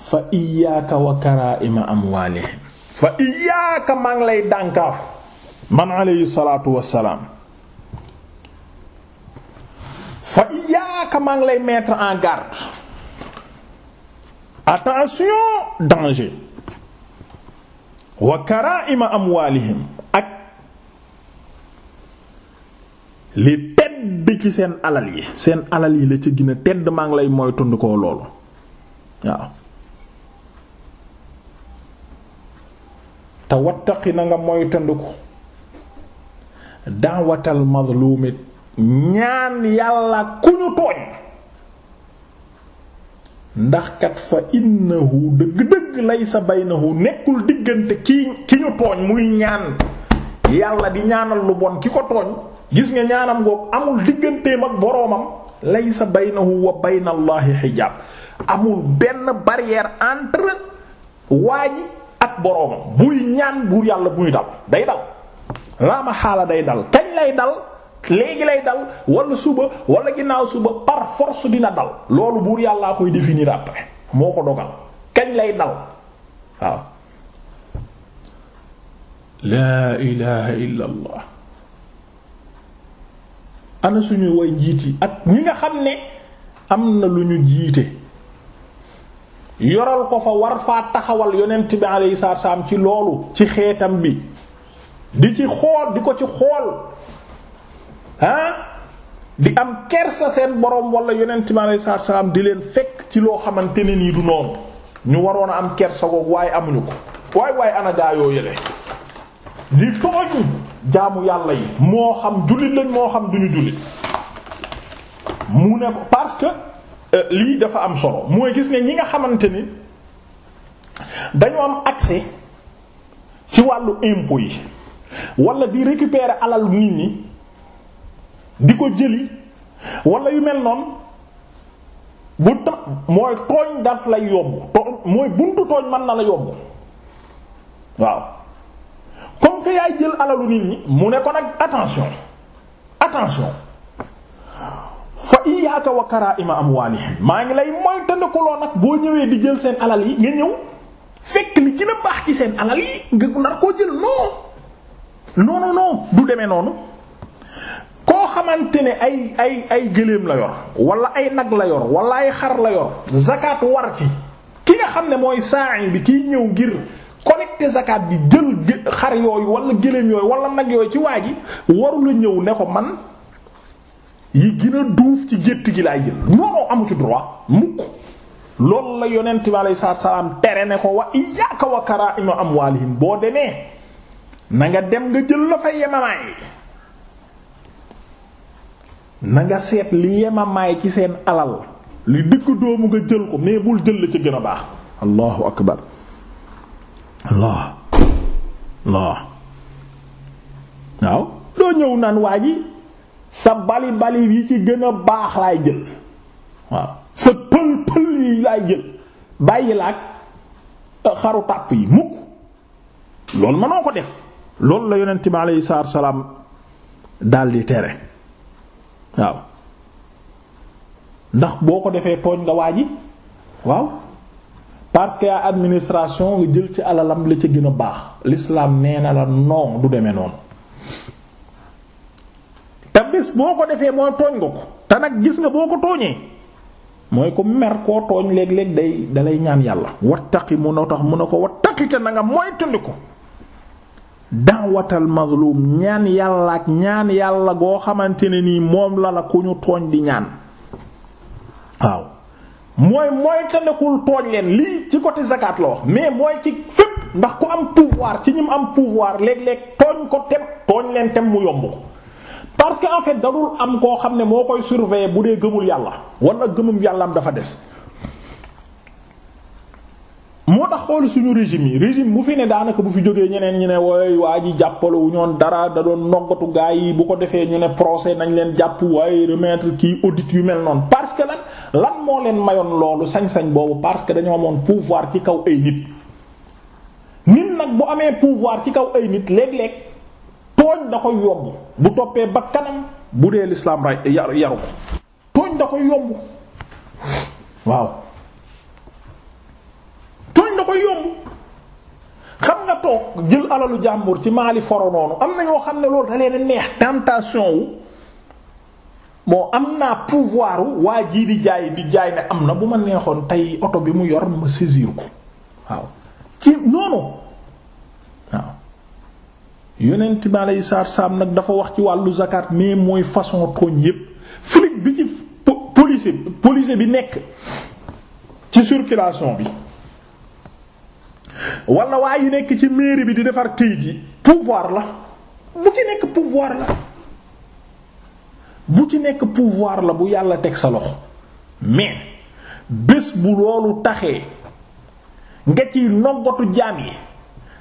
fa iyyaaka wa karaa'ima amwaalihim fa iyyaaka maa lay dànkaaf man alayhi salaatu wassalaam fa iyyaaka maa lay metre en garde attention danger wa karaa'ima amwaalihim ak li tedd ci seen alal yi seen alal yi la ci gën a tedd maa lay mooy tund koo loolu waaw te wattaqi na nga moytandiku daawatal mazlumi ñaan yàlla ku ñu tooñ ndax kat fa innahu dëgg-dëgg laysa baynahu nekkul diggante ki ki ñu tooñ muy ñaan yàlla di ñaanal lu bon ki ko tooñ gis nga ñaanam ngoog amul digganteem ak boroomam laysa baynahu wa bayna allahi xijaab amul benn barrière entre waa ji ak boroomam buy ñaan buur yàlla muy dal day dal laa xaala day dal kañ lay dal léegi lay dal wala suba wala ginnaaw suba par force dina dal loolu buur yàllaa koy définir après moo ko dogal kañ lay dal waaw laa ilaha illa ana suñu way njiit ak ñi nga xam ne am na lu ñu jiite yoral ko fa war faa taxawal yonent bi alayhi salaatu salaam ci loolu ci xeetam bi di ci xool di ko ci xool ah di am kersa seen boroom wala yonent bi alayhi salaatu salaam di leen fekk ci loo xamante ne nii du noonu ñu waroon a am kersa googu waaye amuñu ko waay waaye ana gaa di tooñ jaamu yàlla yi moo xam jullit lañ moo xam duñu jullit mu ne ko lii dafa am solo mooy gis ne ñi nga xamante ni dañu am accès ci wàllu impôt yi wala di récupérer alal nit ñi di ko jëli walla yu mel noonu bu ta mooy tooñ daf lay yomb tooñ mooy buntu tooñ mën na la yomb waaw comme que yaay jël alalu nit ñi mu ne ko nag attention attention fa iyyaka wa karaa'ima amwaalihim maa ngi lay moytandikuloo nag boo ñëwee di jël seen alal yi nga ñëw fekk li gën a baax ci seen alal yi nga nar koo jël non non du demee noonu koo xamante ne ay ay ay gëléem la yor wala ay nag la yor wala ay xar la yor zakat war ci ki nga xam ne mooy sa'i bi kiy ñëw ngir collecter zakat bi jël xar yooyu wala gëléem yooyu wala nag yooyu ci waa ji waru la ñëw ne ko man. yi gën a duuf ci gétt gi laay jël noonu amu ci droit mukk loolu la yonent bi alayhi salaatu salaam tere ne ko wa iyyaka wa karaa'ima amwaalihim boo demee na nga dem nga jël la fa yemamaay na nga seet li yemamaay ci seen alal li dëkk doomu nga jël ko mais bul jël la ca gën a baax allahu akbar waaw doo ñëw naan waa ji sa bali bali yi ci gën a baax laay jël waaw sa pël pël yi laay jël bàyyi la ak xaru tàpp yi mukk loolu mënoo ko def loolu la yonent bi aleyhi salaatu salaam daldi tere waaw ndax boo ko defee pooñ nga waa ji waaw parce que administration nga jël ci alalam la ci gën a baax lislaam nee na la non du demee noonu te bés boo ko defee mooy tooñ nga ko te nag gis nga boo ko tooñee mooy ko mer koo tooñ léeg-léeg day dalay ñaan yàlla wattaqi mun noo tax mun a ko wattaqi te na nga moytundi ko daawatal mazlum ñaan yàlla ak ñaan yàlla goo xamante ne nii moom la la ku ñu tooñ di ñaan waaw mooy moytandikul tooñ leen lii ci côté zakat la wax mais mooy ci fépp ndax ku am pouvoir ci ñim am pouvoir léeg-léeg tooñ ko tem tooñ leen tem mu yomb ko parce que en fait dadul am koo xam ne moo koy surveiller bu dee gëmul yàlla wala gëmum yàlla am dafa des. moo tax xool suñu régime yi régime bu fi ne daanaka bu fi jógee ñeneen ñi ne waaye waa ji jàppale wu ñoon dara da doon noggatu gaa yi bu ko defee ñu ne procès nañ leen jàpp waaye remettre kii audit yu mel noonu parce que lan lan moo leen mayoon loolu sañ-sañ boobu parce que dañoo amoon pouvoir ci kaw ay nit. nit nag bu amee pouvoir ci kaw ay nit léeg-léeg. tooñ da koy yomb bu toppee ba kanam bu dee lislaam ra yaru ko tooñ da koy yomb waaw tooñ da koy yomb xam nga toog jël alalu jàmbur ci maali foro noonu am na ñoo xam ne loolu da leen neex tentation wu bon am naa pouvoir waa jii di jaay di jaay ne am na bu ma neexoon tey oto bi mu yor ma saisir ko waaw ci noonu yonent bi aleyhi salaatu salaam nag dafa wax ci wàllu zakat mais mooy façon tooñ yépp flic bi ci police police bi nekk ci circulation bi walla waa yi nekk ci mairie bi di defar këyit yi pouvoir la bu ci nekk pouvoir la bu ci nekk pouvoir la bu yàlla teg sa loxo mais bés bu loolu taxee nga ciy noggatu jaam yi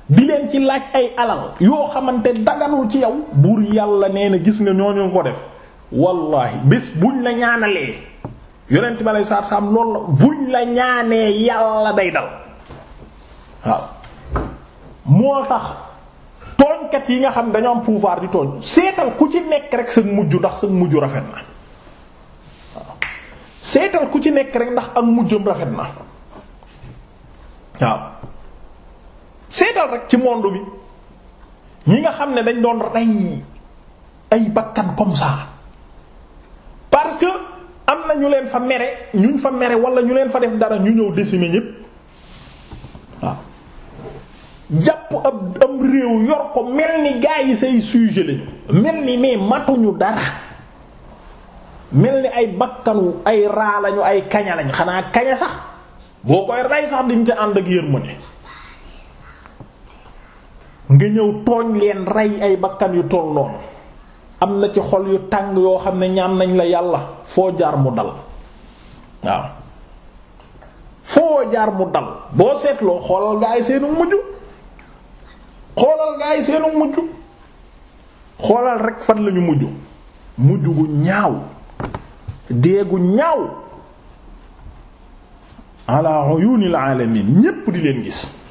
di leen ci laaj ay alal yoo xamante daganul ci yow buur yàlla nee na gis nga ñooñu ko def wallahi bés buñ la ñaanalee yonent bi aleyhi salaatu salaam loolu la buñ la ñaanee yàlla day dal waaw moo tax tooñkat yi nga xam dañoo am pouvoir di tooñ seetal ku ci nekk rek sa mujj ndax sa mujj rafet seetal ku ci nekk rek ndax ak mujjam rafet na waaw seetal rek ci monde bi ñi nga xam ne dañ doon rey ay bakkan comme sax parce que am na ñu leen fa mere ñu fa mere wala ñu leen fa def dara ñu ñëw décimer ñépp waaw jàpp ab am réew yor ko mel ni gaa yi say sujet lañu mel ni mais matuñu dara mel ni ay bakkanu ay raa lañu ay kaña lañu xanaa kaña sax boo koy rey sax diñ ca ànd ak yërmande nga ñëw tooñ leen rey ay bakkan yu toll noonu am na ci xol yu tàng yoo xam ne ñaan nañ la yàlla foo jaar mu dal waaw foo jaar mu dal boo seetloo xoolal gaa yi seenu mujj xoolal gaa seenu mujj xoolal rek fan lañu mujj mujj gu ñaaw deegu ñaaw ala la alamin ñépp di leen gis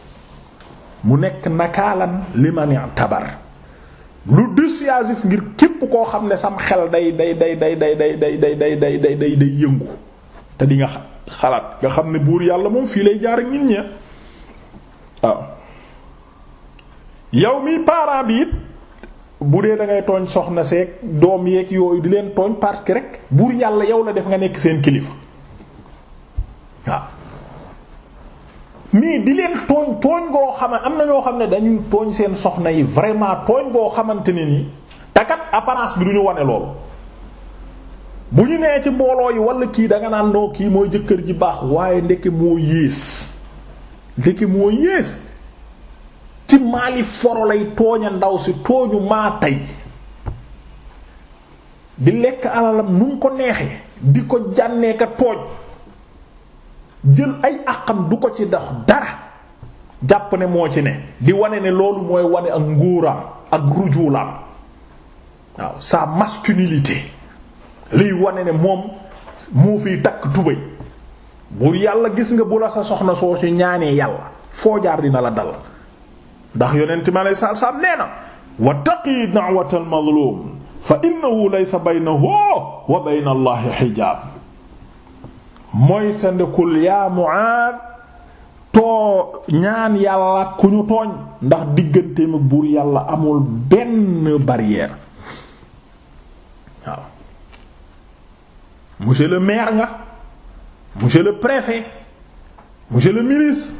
mu nekk nakaalan li man i'tabar lu dissuasif ngir képp koo xam ne sam xel day day day day day day day day day day day day day yëngu te dinga xa xalaat nga xam ne buur yàlla moom fii lay jaar ak nit ñi waaw yow mi parent bi it bu dee da tooñ soxna seeg doom yeeg yooyu di leen tooñ parce rek buur yàlla yow la def nga nekk seen kilifa waaw mais di leen tooñ tooñ goo xaman am na ñoo xam ne dañuy tooñ seen soxna yi vraiment tooñ goo xamante ne ni takat apparence bi du ñu wane loolu bu ñu nee ci mbooloo yi walla kii danga naan noo kii mooy jëkkër ji baax waaye ndeke moo yées ndeke moo yées ci maali foro lay tooña ndaw si tooñu maa tey di lekk alalam nu mu ko neexee di ko jànnee ka tooñ jël ay àqam du ko ci dox dara jàpp ne moo ci ne di wane ne loolu mooy wane ak nguuraam ak rujulaam waaw sa masculinité liy wane ne moom moo fiy takk tubéy bu yàlla gis nga bu la sa soxna soo ci ñaanee yàlla foo jaar dina la dal ndax yonent ma lay saal saal nee na wattaqi da'watal mazlum fa innahu laysa baynahu wa bayna allahi hijab mooy tandikul yaa Muaad too ñaan yàlla ku ñu tooñ ndax diggante ak buur yàlla amul benn barrière waaw monsieur le maire nga monsieur le préfet monsieur le ministre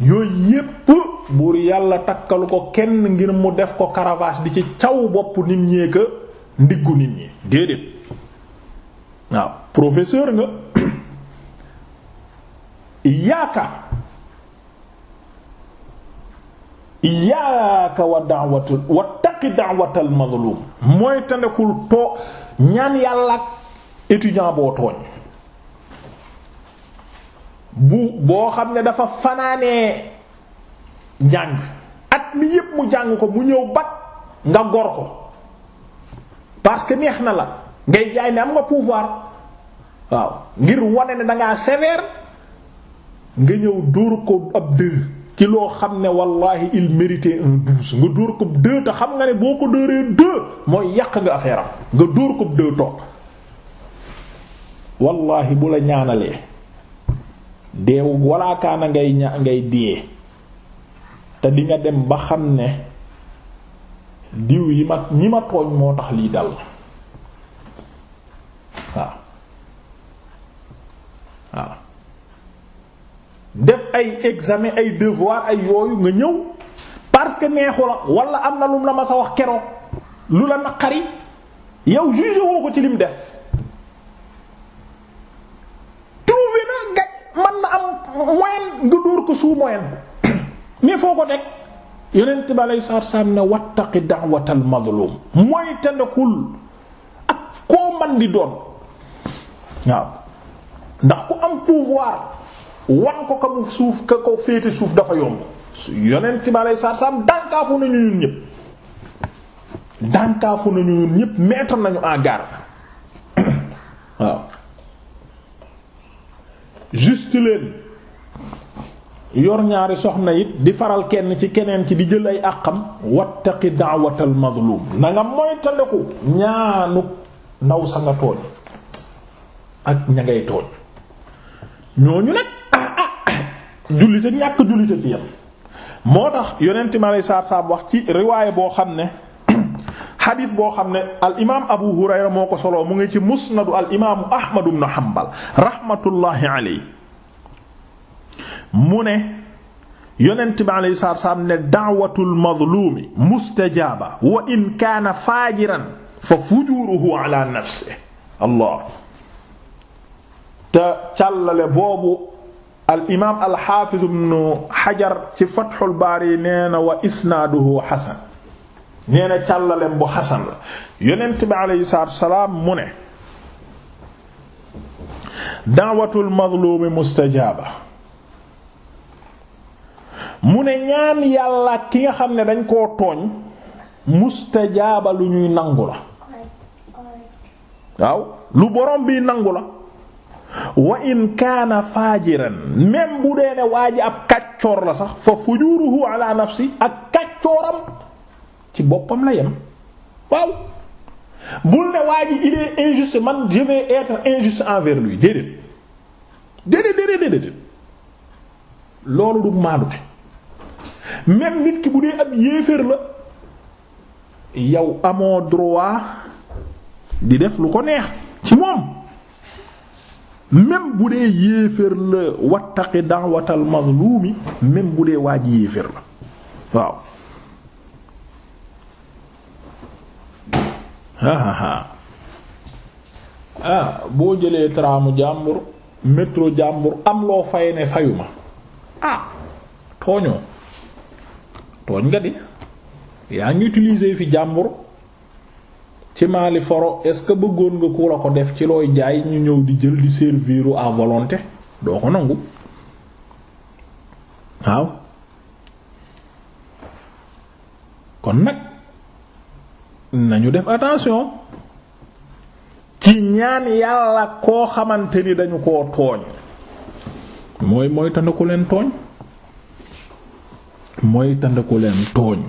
yooyu yépp buur yàlla takkalu ko kenn ngir mu def ko caravage di ci caw bopp nit ñee ka ndiggu nit ñi déedéet waaw professeur nga iyyaka iyyaka wa da'watul wattaqi da'watal mazlum mooy tandekul too ñaan yàlla ak étudiant boo tooñ bu boo xam ne dafa fanaanee jàng at mi yépp mu jàng ko mu ñëw bat nga gor ko parce que neex na la ngay jaay ne am nga pouvoir waaw ngir wane ne dangaa sévère nga ñëw dóor ko ab deux ci loo xam ne wallahi il méritait un douze nga dóor ko deux te xam nga ne boo ko dóoree deux mooy yàq nga affaire nga dóor ko deux topp wallahi bu la ñaanalee deewu walaakaana ngay ña ngay diyee te di nga dem ba xam ne diw yi ma ñi ma tooñ moo tax lii dal waaw waaw def ay examen ay devoir ay yooyu nga ñëw parce que neexu la wala am na lum la ma sa wax keroog lu la naqari yow jugé woo ko ci lim des trouvé na gaj man na am moyen nga dóor ko suu moyen <coughs> mais foo ko teg yonent bi aleyhi salaatu salaam ne wattaqi da'watal mazlum mooy tandakul ak koo man di doon waaw ndax ku am pouvoir wan ko ka mu suuf ka ko féete suuf dafa yomb yonent ma lay saar saam dànkaafu nañu ñun ñëpp dànkaafu nañu ñun ñëpp mettre nañu en garde <coughs> waaw juste leen yor ñaari soxna it di faral kenn ci keneen ci di jël ay àqam wattaqi da'watal mazlum na nga moytandiku ñaanu ndaw sa nga tooñ ak ña ngay tooñ ñooñu nag jullit ak ñàkk jullit ak yam moo tax yonent boo xam ne <clears throat> xadis boo xam ne al Abu Hurayra moo ko soloo mu ngi ci musnadu al imaamu Ahmad ibn Hanbal rahmatullahi alayhi mu ne da'watul mustajaaba wa in kaana fa fujuruhu ala nafsihi allah te boobu al imaam al xajar ci fathul baari nee na wa isnaaduhu xasan nee na càllalem bu xasan la yonent bi aleyhi salaatu wasalaam mu ne daawatul mazluumi mustajaaba mu ne ñaan yàlla ki nga xam ne dañ koo tooñ mustajaaba lu ñuy nangu la waaw lu borom bi nangu la wa in kaana faajiran même bu dee ne waa ab kàccoor la sax fa fujuruhu ala nafsi ak kàccooram ci boppam la yem waaw bul ne waa ji il est je vais être injuste envers lui déedéet déedéet déedéet loolu du maandute nit ki bu dee ab yéeféer la yow amoo droit di def lu ko neex ci moom même bu dee yéeféer la wattaqi da'watal mazlumi même bu dee waa ji yéeféer la waaw ah boo jëlee traamu jàmbur metro jàmbur am loo fay ne fayuma ah tooñoo tooñ nga di yaa ngi utiliser fi jàmbur ci maali foro est-ce que bëggoon nga ku la ko def ci looy jaay ñu ñëw di jël di servir à volonté doo ko nangu waaw kon nag nañu def attention ci ñaan yàlla koo xamante ni dañu koo tooñ mooy mooy tënd ko leen tooñ mooy tënd ko leen tooñ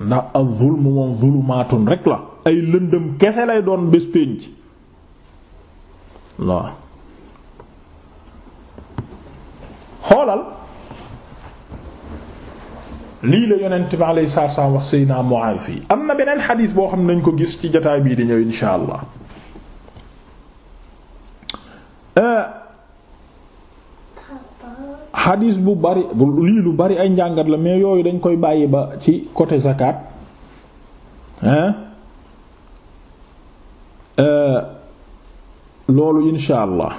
ndax az-zulm moom zulumaatun rek la ay lëndëm kese lay doon bés pénc waaw xoolal lii la yonent bi alayhi salaatu salaam wax Seydina Muaaz fii am na beneen xadiis boo xam ne nañ ko gis ci jotaay bii di ñëw insha allah euh, xadiis bu bari lii lu bari ay njàngat la mais yooyu dañ koy bàyyi ba ci côté zakat hein euh, loolu insha allah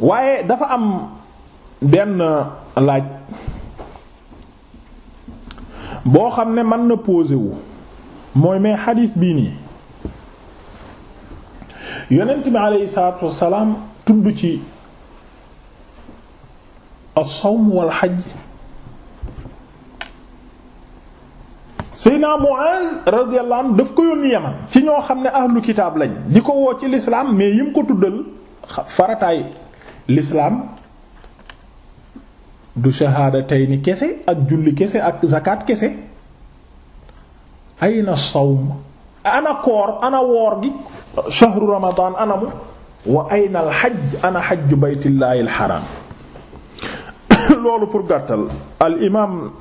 waaye dafa am benn laaj boo xam ne mën na posé wu mooy mais xadiis bii nii yonent bi aleyhi salaatu wassalaam tudd ci as-sawm wal hajj Seydina Muaz radiyallahu daf ko yónni Yaman ci ñoo xam ne ahlu kitaab lañ di ko woo ci lislaam mais yim ko tuddal farataay lislaam du shahaadatayni kese ak julli kese ak zakat kese ayna sawm ana koor ana woor gi shahru ramadan anamu wa ayna al hajj ana hajju baytillahi al haram <coughs> loolu pour gàttal al imaam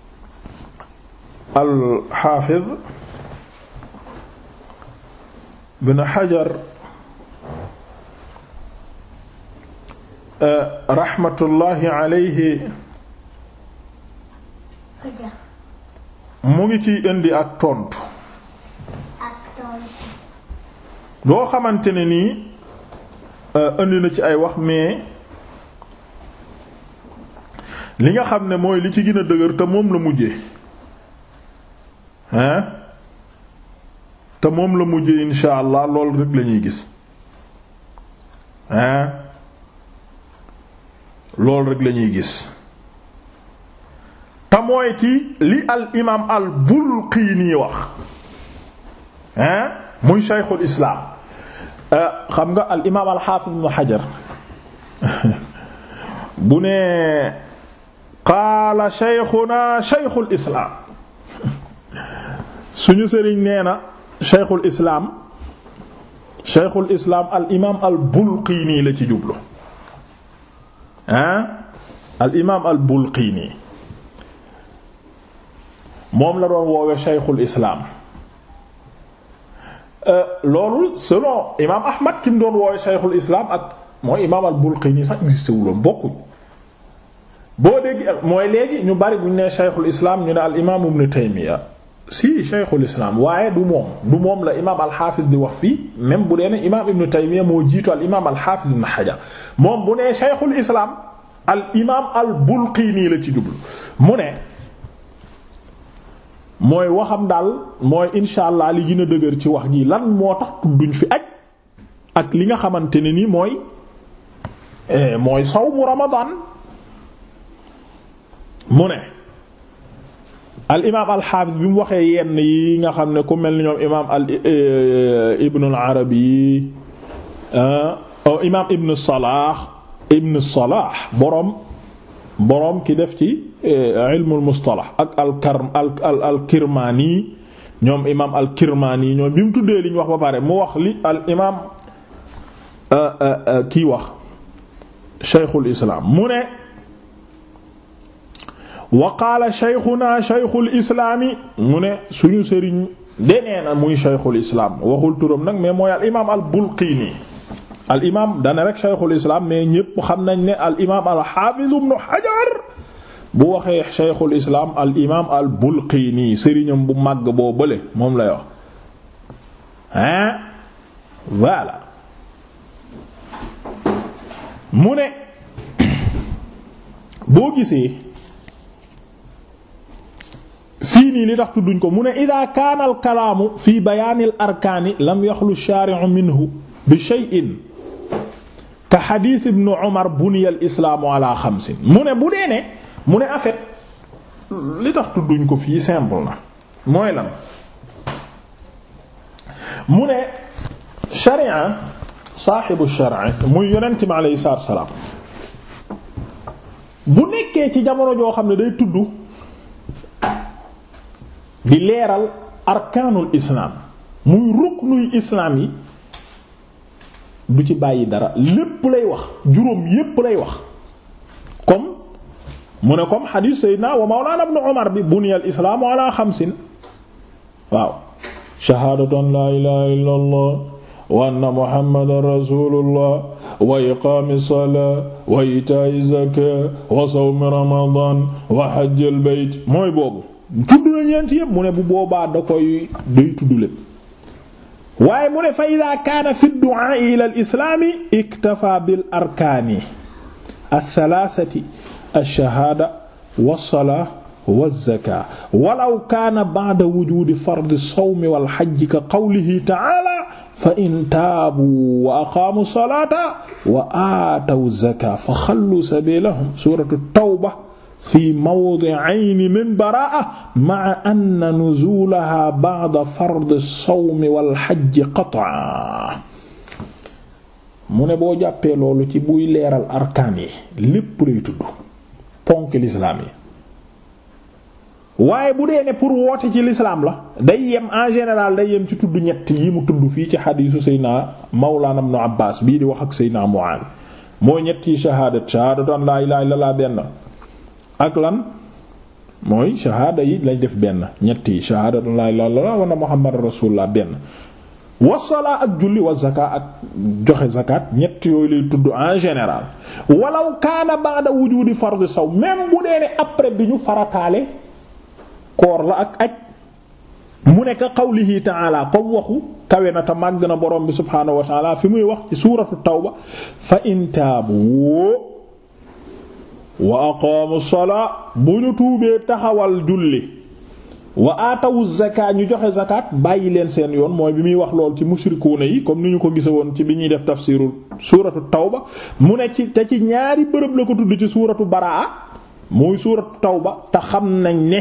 <coughs> al xaafiz bin Hajar eh, raxmatullahi alayhi mu ngi ci indi ak tontu loo xamante ne nii eh, indi na ci ay wax mais li nga xam ne mooy li ci gën a dëgër te moom la mujjee hein te moom la mujjee insha lool rek lañuy gis hein lool rek lañuy gis te mooy ci li al imaam al Bulqiini wax hein muy shaykhul islaam euh, xam nga al imaam al xaafis <laughs> bu ne qaala sheykhuna sheykhul islaam suñu sëriñ nee na sheykhul islaam sheykhul islaam al imaam al bulqiini la ci jublu ah al imaam al bulqiini moom la doon woowe sheykhul islaam euh, loolu selon imaam Ahmad ki mu doon woowe sheykhul islaam ak mooy imaam al bulqiini sax existewuloon bokkuñ boo dégg mooy léegi ñu bari bu ñu nee shaykhul islaam ñu ne al imaam ibn taymiya si shaykhul islam waaye du moom du moom la imaam alxaafis di wax fii même bu dee ne imaam ibn taymiya moo jiitu al imaam alxaafis ibn xajar moom bu nee shaykhul islam al imaam al bulqini la ci jublu mu ne. mooy waxam daal mooy incha allah li gën a dëgër ci wax gi lan moo tax tudduñ fi aj ak li nga xamante ne nii mooy eh, mooy sawmu Ramadan. mu ne al imaam alxaafis bi mu waxee yenn yi nga xam ne ku mel ni ñoom imaam al eh, eh, ibnul arabi eh, oh, imaam ibnu salaax ibnu salaax boroom boroom ki def ci ilmul mustalax ak al karm al al kirmaani ñoom imaam al kirmaani ñoom bi mu tuddee liñ wax ba pare mu wax li al imaam kii wax sheykhul islaam mu ne wa qaala shaykhuna shaykhul islaami mu ne suñu sëriñ de nee na muy shaykhul islam waxul turam nag mais mooy al imaam al bulqiini al imaam dana rek shaykhul islam mais ñépp xam nañ ne al imaam al xaafiz ibnu xajar bu waxee shaykhul islam al imaam al bulqiini sëriñam bu màgg boo bële moom lay wax hein voilà mu ne boo gisee. fii nii li tax tudduñ ko mu ne ida fi bayaanil arkaani lam yaxlu shaari'u minhu bi shay'in ka xadiis ibnu umar buniya al islaamu ala xamsin mu bu ne mu ne en fait li tax tudduñ ko fii simple na mooy lan mu ne sharia saaxibu sharia muy yonent mi alayhi salaatu wa salaam bu nekkee ci jamono joo xam ne day tudd di leeral arkaanul islaam muy ruknuy islaam yi du ci bàyyi dara lépp lay wax juróom yépp lay wax comme mu ne comme xadiis seydina wa mawlaana ibnu umar bi buniyal islaamu ala xamsin waaw shahaadatu an laa ilaaha illallah wa anna muhammadan rasulullah wa iqaami salaa wa itaa'i zakaa wa sawmi ramadan wa hajjil bayt mooy boobu tudd na ñeent yépp mu ne bu boobaa da koy day tudd lépp waaye mu ne fa ida kaana fi du'a ila al islaami iktafa bil arkaani athalathati ash-shahaada was-salaa waz-zakaa walaw kaana ba'da wujuudi fardi as-sawmi wal hajji ka qawlihi ta'aalaa fa in taabuu wa aqaamu as-salaata wa aatawu az-zakaata fa xalluu sabiilahum suuratu tawba fi mawdi'ayni min baraa'a ma'a anna nuzuulahaa ba'da fardi as-sawmi wal hajji qat'an mu ne boo jàppee loolu ci buy leeral arkaan yi lépp lay tudd ponk lislaam yi waaye bu dee ne pour woote ci lislaam la day yem en général day yem ci tudd ñett yi mu tudd fii ci xadiisu Seydina Mawlaana Ibnu Abbaas bii di wax ak Seydina Mu'aaz mooy ñetti shahaadat shahaadatu an laa ilaaha illallaah benn ak lan mooy shahaada yi lañ def benn ñetti yi shahaadatu laa ilaaha illallaah wa benn wasalaa ak julli wa zakat ak joxe zakat ñett yooyu lay tudd en général walaw kaana ba'da wujudi fardu saw même bu dee ne après bi ñu farataale koor la ak aj mu nekk ka qawlihi ta'ala comme waxu kawe màgg na borom bi subhaanahu wa fi muy wax ci suuratu tawba fa in wa aqaamu salaa bu ñu tuubee taxawal julli wa aatawu zakaa ñu joxe zakat bàyyi leen seen yoon mooy bi muy wax lool ci mushrikuuna yi comme ni ñu ko gise woon ci bi ñuy def tafsiru suuratu tawba mu ne ci te ci ñaari bërëb la ko tudd ci suuratu baraa muy suuratu ba te xam nañ ne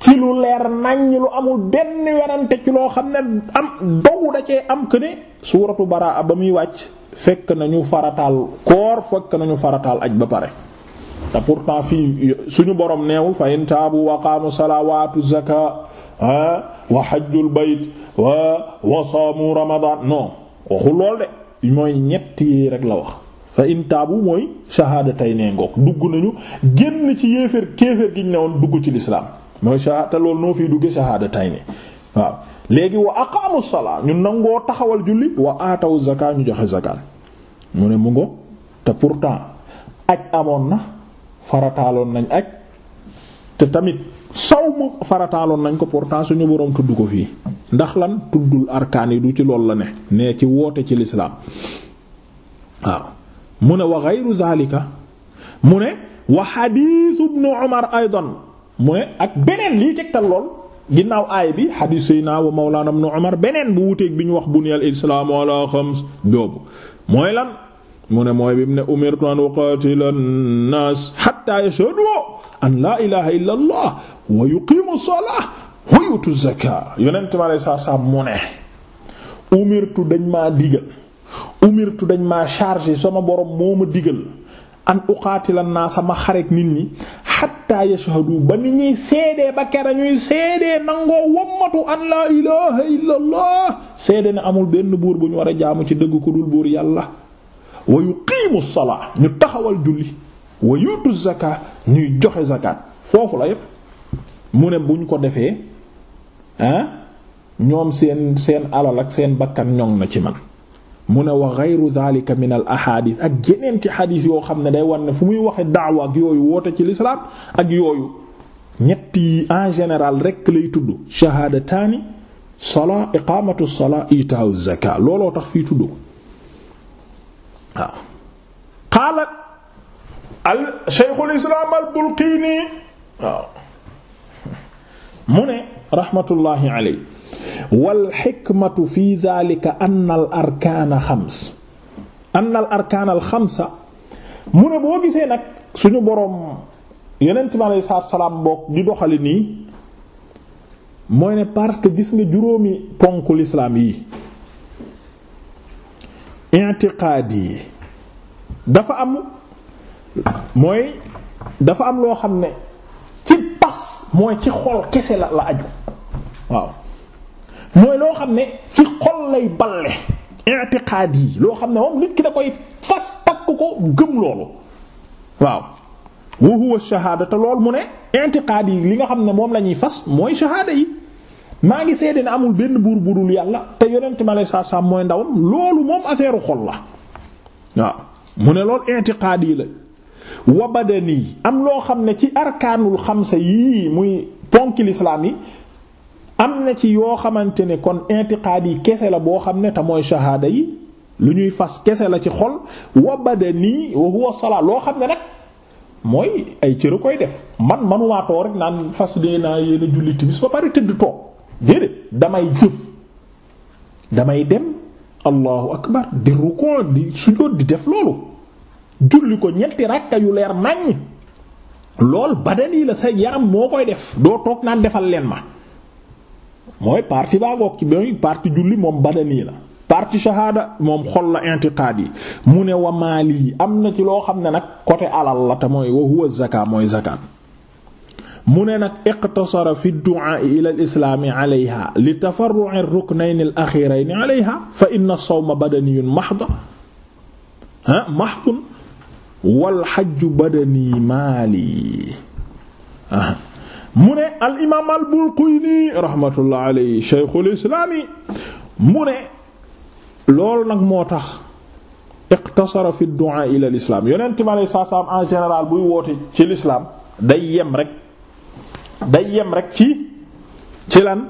ci lu leer nañ lu amul benn werante ci loo xam ne am dow da cee am que ne suuratu baraa ba muy wàcc fekk nañu farataal koor fekk nañu farataal aj ba pare te pourtant fii suñu borom neewul fa in taabu wa qaamu salaa wa aatu zakaa wa waxul lool de mooy ñett yi rek la wax fa in mooy shahaadatay nee ngoog dugg nañu génn ci yéeféer kéeféer gi ñu ne woon dugg ci lislaam mooy shahaada te loolu noo waaw léegi wa aqaamu salaa ñu nangoo taxawal julli wa aatawu zakaa ñu joxe zakaa mu ne mu ngo te pourtant aj amoon na farataaloon nañ ak te tamit sawmu farataaloon nañ ko pourtant suñu boroom tudd ko fii ndax lan tuddul arkaan du ci loolu la ne nee ci woote ci lislaam waaw mu ne wa ghayru zalika mu ne wa xadiis ibnu umar aydan mu ne ak beneen lii tegtal lool ginnaaw aay bi xadiis sayna wa mawlaana ibnu umar beneen bu wuteeg bi ñu wax buniyal islaamu ala xams boobu mooy lan mu ne mooy bi mu ne umirtu an uqaatila an-naas hatta yashhadu an laa ilaaha illa allah wa yuqiimu salaa wa yu'tu yonent ma lay saa saa mu ne umirtu dañ ma digal umirtu dañ maa chargé sama borom moo ma digal an uqaatila an-naas ma xareek nit ñi hatta yashhadu ba ni ñuy seedee ba kera ñuy seedee nangoo wammatu an laa ilaaha illa seede ne amul benn buur bu ñu war a jaamu ci dëgg ku dul buur yàlla wa yuqiimu salaa ñu taxawal julli wa yuutu zakaa ñuy joxe zakat foofu la yëpp mu ne bu ñu ko defee ah ñoom seen seen alal ak seen bakkan ñoŋ na ci man mu ne wa geyru dhalika min al ak yeneen ci xadiis yoo xam ne day war ne fu muy waxe daawa ak yooyu woote ci lislaam ak yooyu ñetti en général rekk lay tudd shahaadataani salaa iqaamatu salaa itaa'u zakaa looloo tax fii tudd ko waaw qaalat al shaykhul islam al mu ne raxmatullaahi aley wal xikmatu fi daalika anna al xams anna al arkaana mu ne boo gisee nag suñu boroom yonent bi aleyhi salaatu salaam bokk di doxali nii mooy ne parce que gis nga juróomi ponk lislaam yi intiqaad yi dafa am mooy dafa am loo xam ne ci pas mooy ci xol kese la la aju waaw mooy loo xam ne ci xol lay balle intiqaad yi loo xam ne moom nit ki da koy fas takk ko gëm loolu waaw wa huwa shahaada te lool mu ne intiqaad yi li nga xam ne moom la ñuy fas mooy shahaada yi maa ngi seede ne amul benn buur bu dul yàlla te yonent ma lay saa saam mooy ndawam loolu moom affaire xol la waaw mu ne lool intiqaad yi la wabadani am loo xam ne ci arkaanul xamsa yii muy ponki lislaam yi am na ci yoo xamante ne kon intiqaad kese la boo xam ne te mooy shahaada yi lu ñuy fas kese la ci xol wabadani loo xam ne rek mooy ay cëru koy def man manumaa rek naan fas dee naa yéen a julli timis ba pare tëdd toog déedéet damay jëf damay dem allahu akbar di rukkoo di sujjóot di def loolu julli ko ñetti ràkka yu leer nàññ lool badani la sa yaram moo koy def doo toog naan defal leen ma mooy partie baa ngoog ci mooy partie julli moom badani la parti shahada moom xol la intiqaad yi mu ne wamaali am na ci loo xam ne nag côté alal la te mooy wa huwa mooy zakat mu ne nag iqtasara fi du'a ila al islaami alayha li tafarru'i ar-ruknayn al-akhirayn alayha fa inna as-sawma badaniyun mahd wal hajju badani maali mu ne al imaam al Bulqayni rahmatullah alayhi shaykhul islaami mu ne loolu nag moo tax iqtasara fi du'a ila al islaam yonent mi alayhi salaam en général buy woote ci l'islam day yem rek day yem rek ci ci lan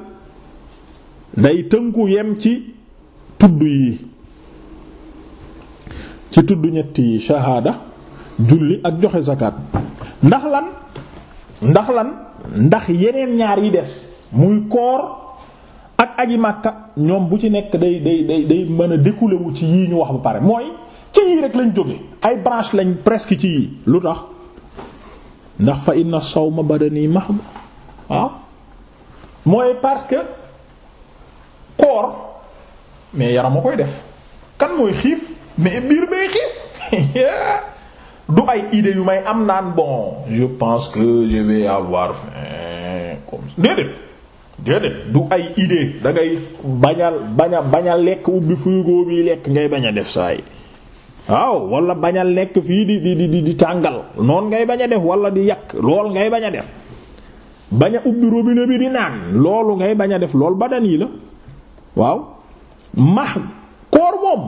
day tënku yem ci tudd yi ci tudd ñett yi shahaada julli ak joxe zakat ndax lan ndax lan ndax yeneen ñaar yi des muy koor ak aji màkka ñoom bu ci nekk day day day day mën a découler wu ci yii ñu wax ba pare mooy ci yii rek lañ jóge ay branche lañ presque ci yii lu tax ndax fa inna sawma badani mahd waaw mooy parce que koor mais yaram a koy def kan mooy xiif mais biir bay xiif <laughs> du ay idée yu may am naan bon je pense que je vais avoir faim comme ça déedéet déedéet du ay idée da ngay bañal baña lekk ubbi frigo bi lekk ngay bañ a def saa yi waaw wala bañ a lekk fii di di di di tàngal noonu ngay bañ a def walla di yàq lool ngay bañ a def bañ a ubbi robinet bi di naan loolu ngay bañ a def lool badan yi la waaw max koor moom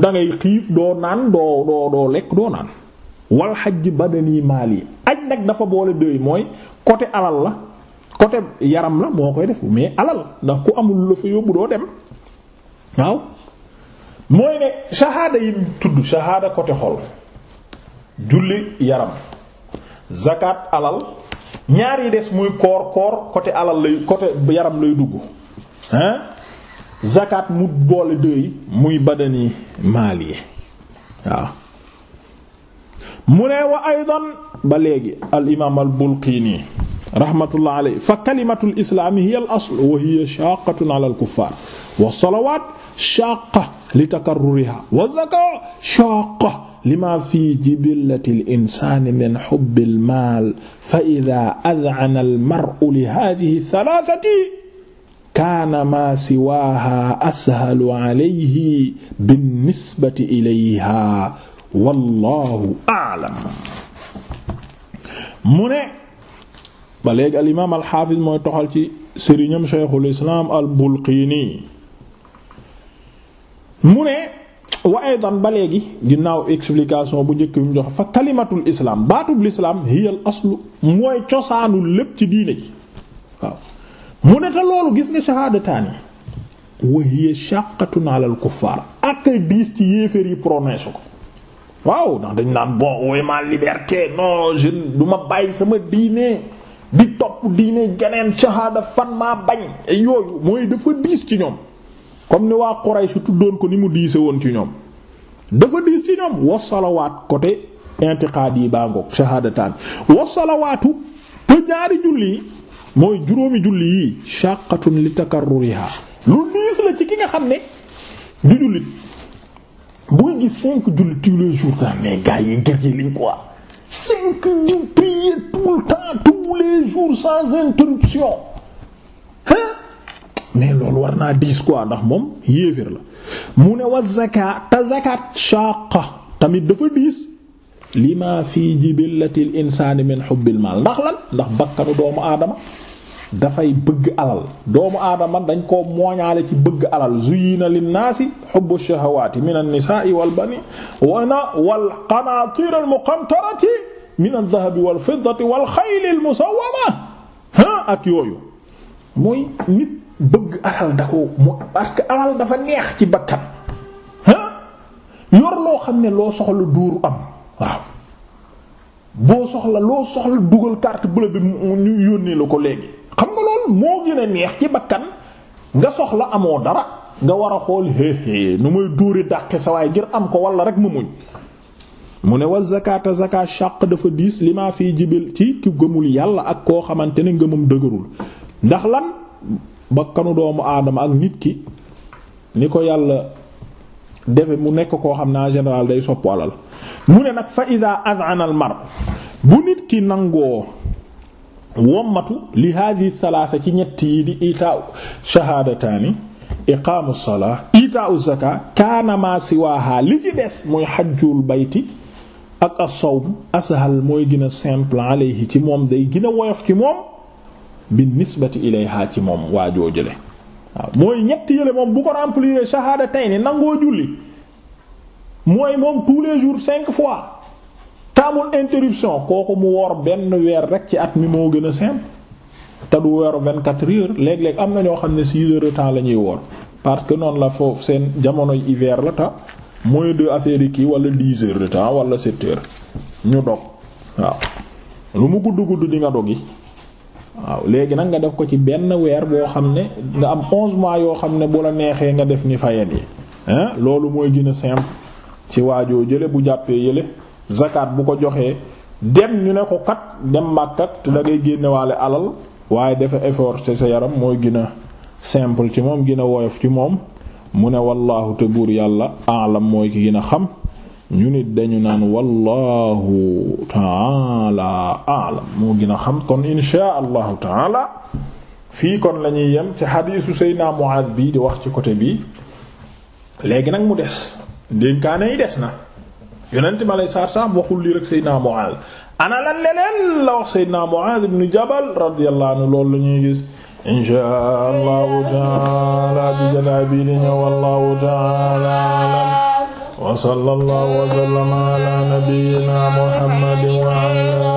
dangay xiif doo naan doo doo doo lekk doo naan wal xaj badani maal yi aj nag dafa boole dëy mooy côté alal la côté yaram la moo koy def mais alal ndax ku amul la fa yóbbu doo dem waaw mooy ne shahaada yi tudd shahaada côté xol julli yaram zakat alal ñaar des muy koor koor côté alal lay côté yaram lay dugg hein zakat mu boole dëy muy badani maal yi waaw mu ne wa aydan ba léegi al imaam al bulqini rahmatullah alayhi fa kalimatul islaam hiya al asl wa hiya shaqqatun ala al kuffar wa salawat shaqqa li takarruriha wa zaka shaqqa lima fi jibillati al insani min hubbi al mal fa idha ad'ana al mar'u li hadhihi thalathati kaana maa siwaaha ashalu alayhi binnisbati ilayha wallahu a'lam mu ne ba léegi al imaam al xaafis mooy toxal ci sëriñam cheikhul islaam al bulqiini mu ne wa aydan ba léegi ginnaaw explication bu njëkk bi mu joxe fa kalimatul islaam baatub lislaam hiya al aslu mooy cosaanul lépp ci diine ji waaw mu ne te loolu gis nga shahaadataani wa hiya shaqatun ala al kuffaar ak diis ci yéeféer yi promesse ko waaw ndax dañ naan bon woy ma liberté non je duma bàyyi sama diine di topp diine janeen shahada fan maa bañ yooyu mooy dafa diis ci ñoom comme ni waa Quraysh tuddoon ko ni mu diise woon ci ñoom dafa diis ci ñoom wasalawaat côté intiqaad yi baa ngoog shahadataan wasalawaatu te ñaari julli mooy juróomi julli yi shaqatun li takarruriha lu diis la ci ki nga xam ne du jullit booy gis cinq julli tous les jours mais gars yi gër yi liñ quoi c'est que nous tous les jours sans interruption hein mais loolu war naa diis quoi ndax moom yéeféer la mu ne wa zakat te zakat shaqa tamit dafa diis lima fi jibillati l insani min hubbil mal ndax lan ndax bakkanu doomu aadama dafay bëgg alal doomu aadama dañ koo mooñaale ci bëgg alal zuyina linnaasi hubbu shahawaati min an-nisaa'i wal bani wana wal qanaatiir al-muqantarati min adh-dhahabi wal fiddati wal al yooyu mooy que alal dafa neex ci bakkan yor loo xam ne loo soxlu duuru am waaw boo soxla loo soxla dugal carte bleue bi mu ñu yónnee la ko léegi xam nga loolu moo gën neex ci bakkan nga soxla amoo dara nga war a xool éé nu muy dóori dàqe sa waay ngir am ko wala rek mu muñ mu ne wa zakata zakat shaq dafa diis li maa fii jibil ci ki gëmul yàlla ak koo xamante ne ngëmam dëgërul ndax lan bakkanu doomu aadama ak nit ki ni ko yàlla defe mu nekk koo xam naa en général day soppu mu ne nag fa ida ad'ana al mar bu nit ki nangoo wommatu li hadihi salaasa ci ñetti yi di itaa shahaadataani iqaamu salaa itaa zakaa kaana maa siwaaha li ci des mooy xajjul bayti ak as ashal mooy gën a simple alayhi ci moom day gën woyof ci moom bi nisbati ilayha ci moom waajoo jële waaw mooy ñett yële moom bu ko remplir shahaadatayn nangoo julli mooy moom tous les jours cinq fois taamul interruption kooku mu woor benn weer rek ci at mi moo gën a simple te du weeru 24 heures léeg-léeg am na ñoo xam ne 6 heures de temps la ñuy woor parce que noonu la foofu seen jamono hiver la ta mooy de affaire yi kii wala 10 heures de temps wala 7 heures ñu dog waaw lu mu gudd gudd di nga yi waaw léegi nag nga def ko ci benn weer boo xam ne nga am 11 mois yoo xam ne bu la neexee nga def ni fayeen yi hein loolu mooy gën a simple ci waajoo jële bu jàppee yële. zakat bu ko joxee dem ñu ne ko kat dem màkkat te da génnewaale alal waaye dafa effort te sa yaram mooy gën a simple ci moom gën a woyof ci moom mu ne wallaahu te buur yàlla alam mooy ki gën a xam ñu nit dañu naan wallahu taala alam moo gën a xam kon insha allahu taala fii kon lañuy ñuy yem ci xadiisu Seydina Muaaz bi di wax ci côté bi léegi nag mu des ndénkaane yi des na yonent ma lay saar saam waxul lii rek Seydina Mu'aaz ana lan leneen la wax Seydina Mu'aaz ibn Jabal radiyallahu anhu loolu la ñuy gis insha allahu taala di jataay bii di ñëw wallahu taala alam wa sallallahu wa sallama ala nabiyyina Muhammadin wa ala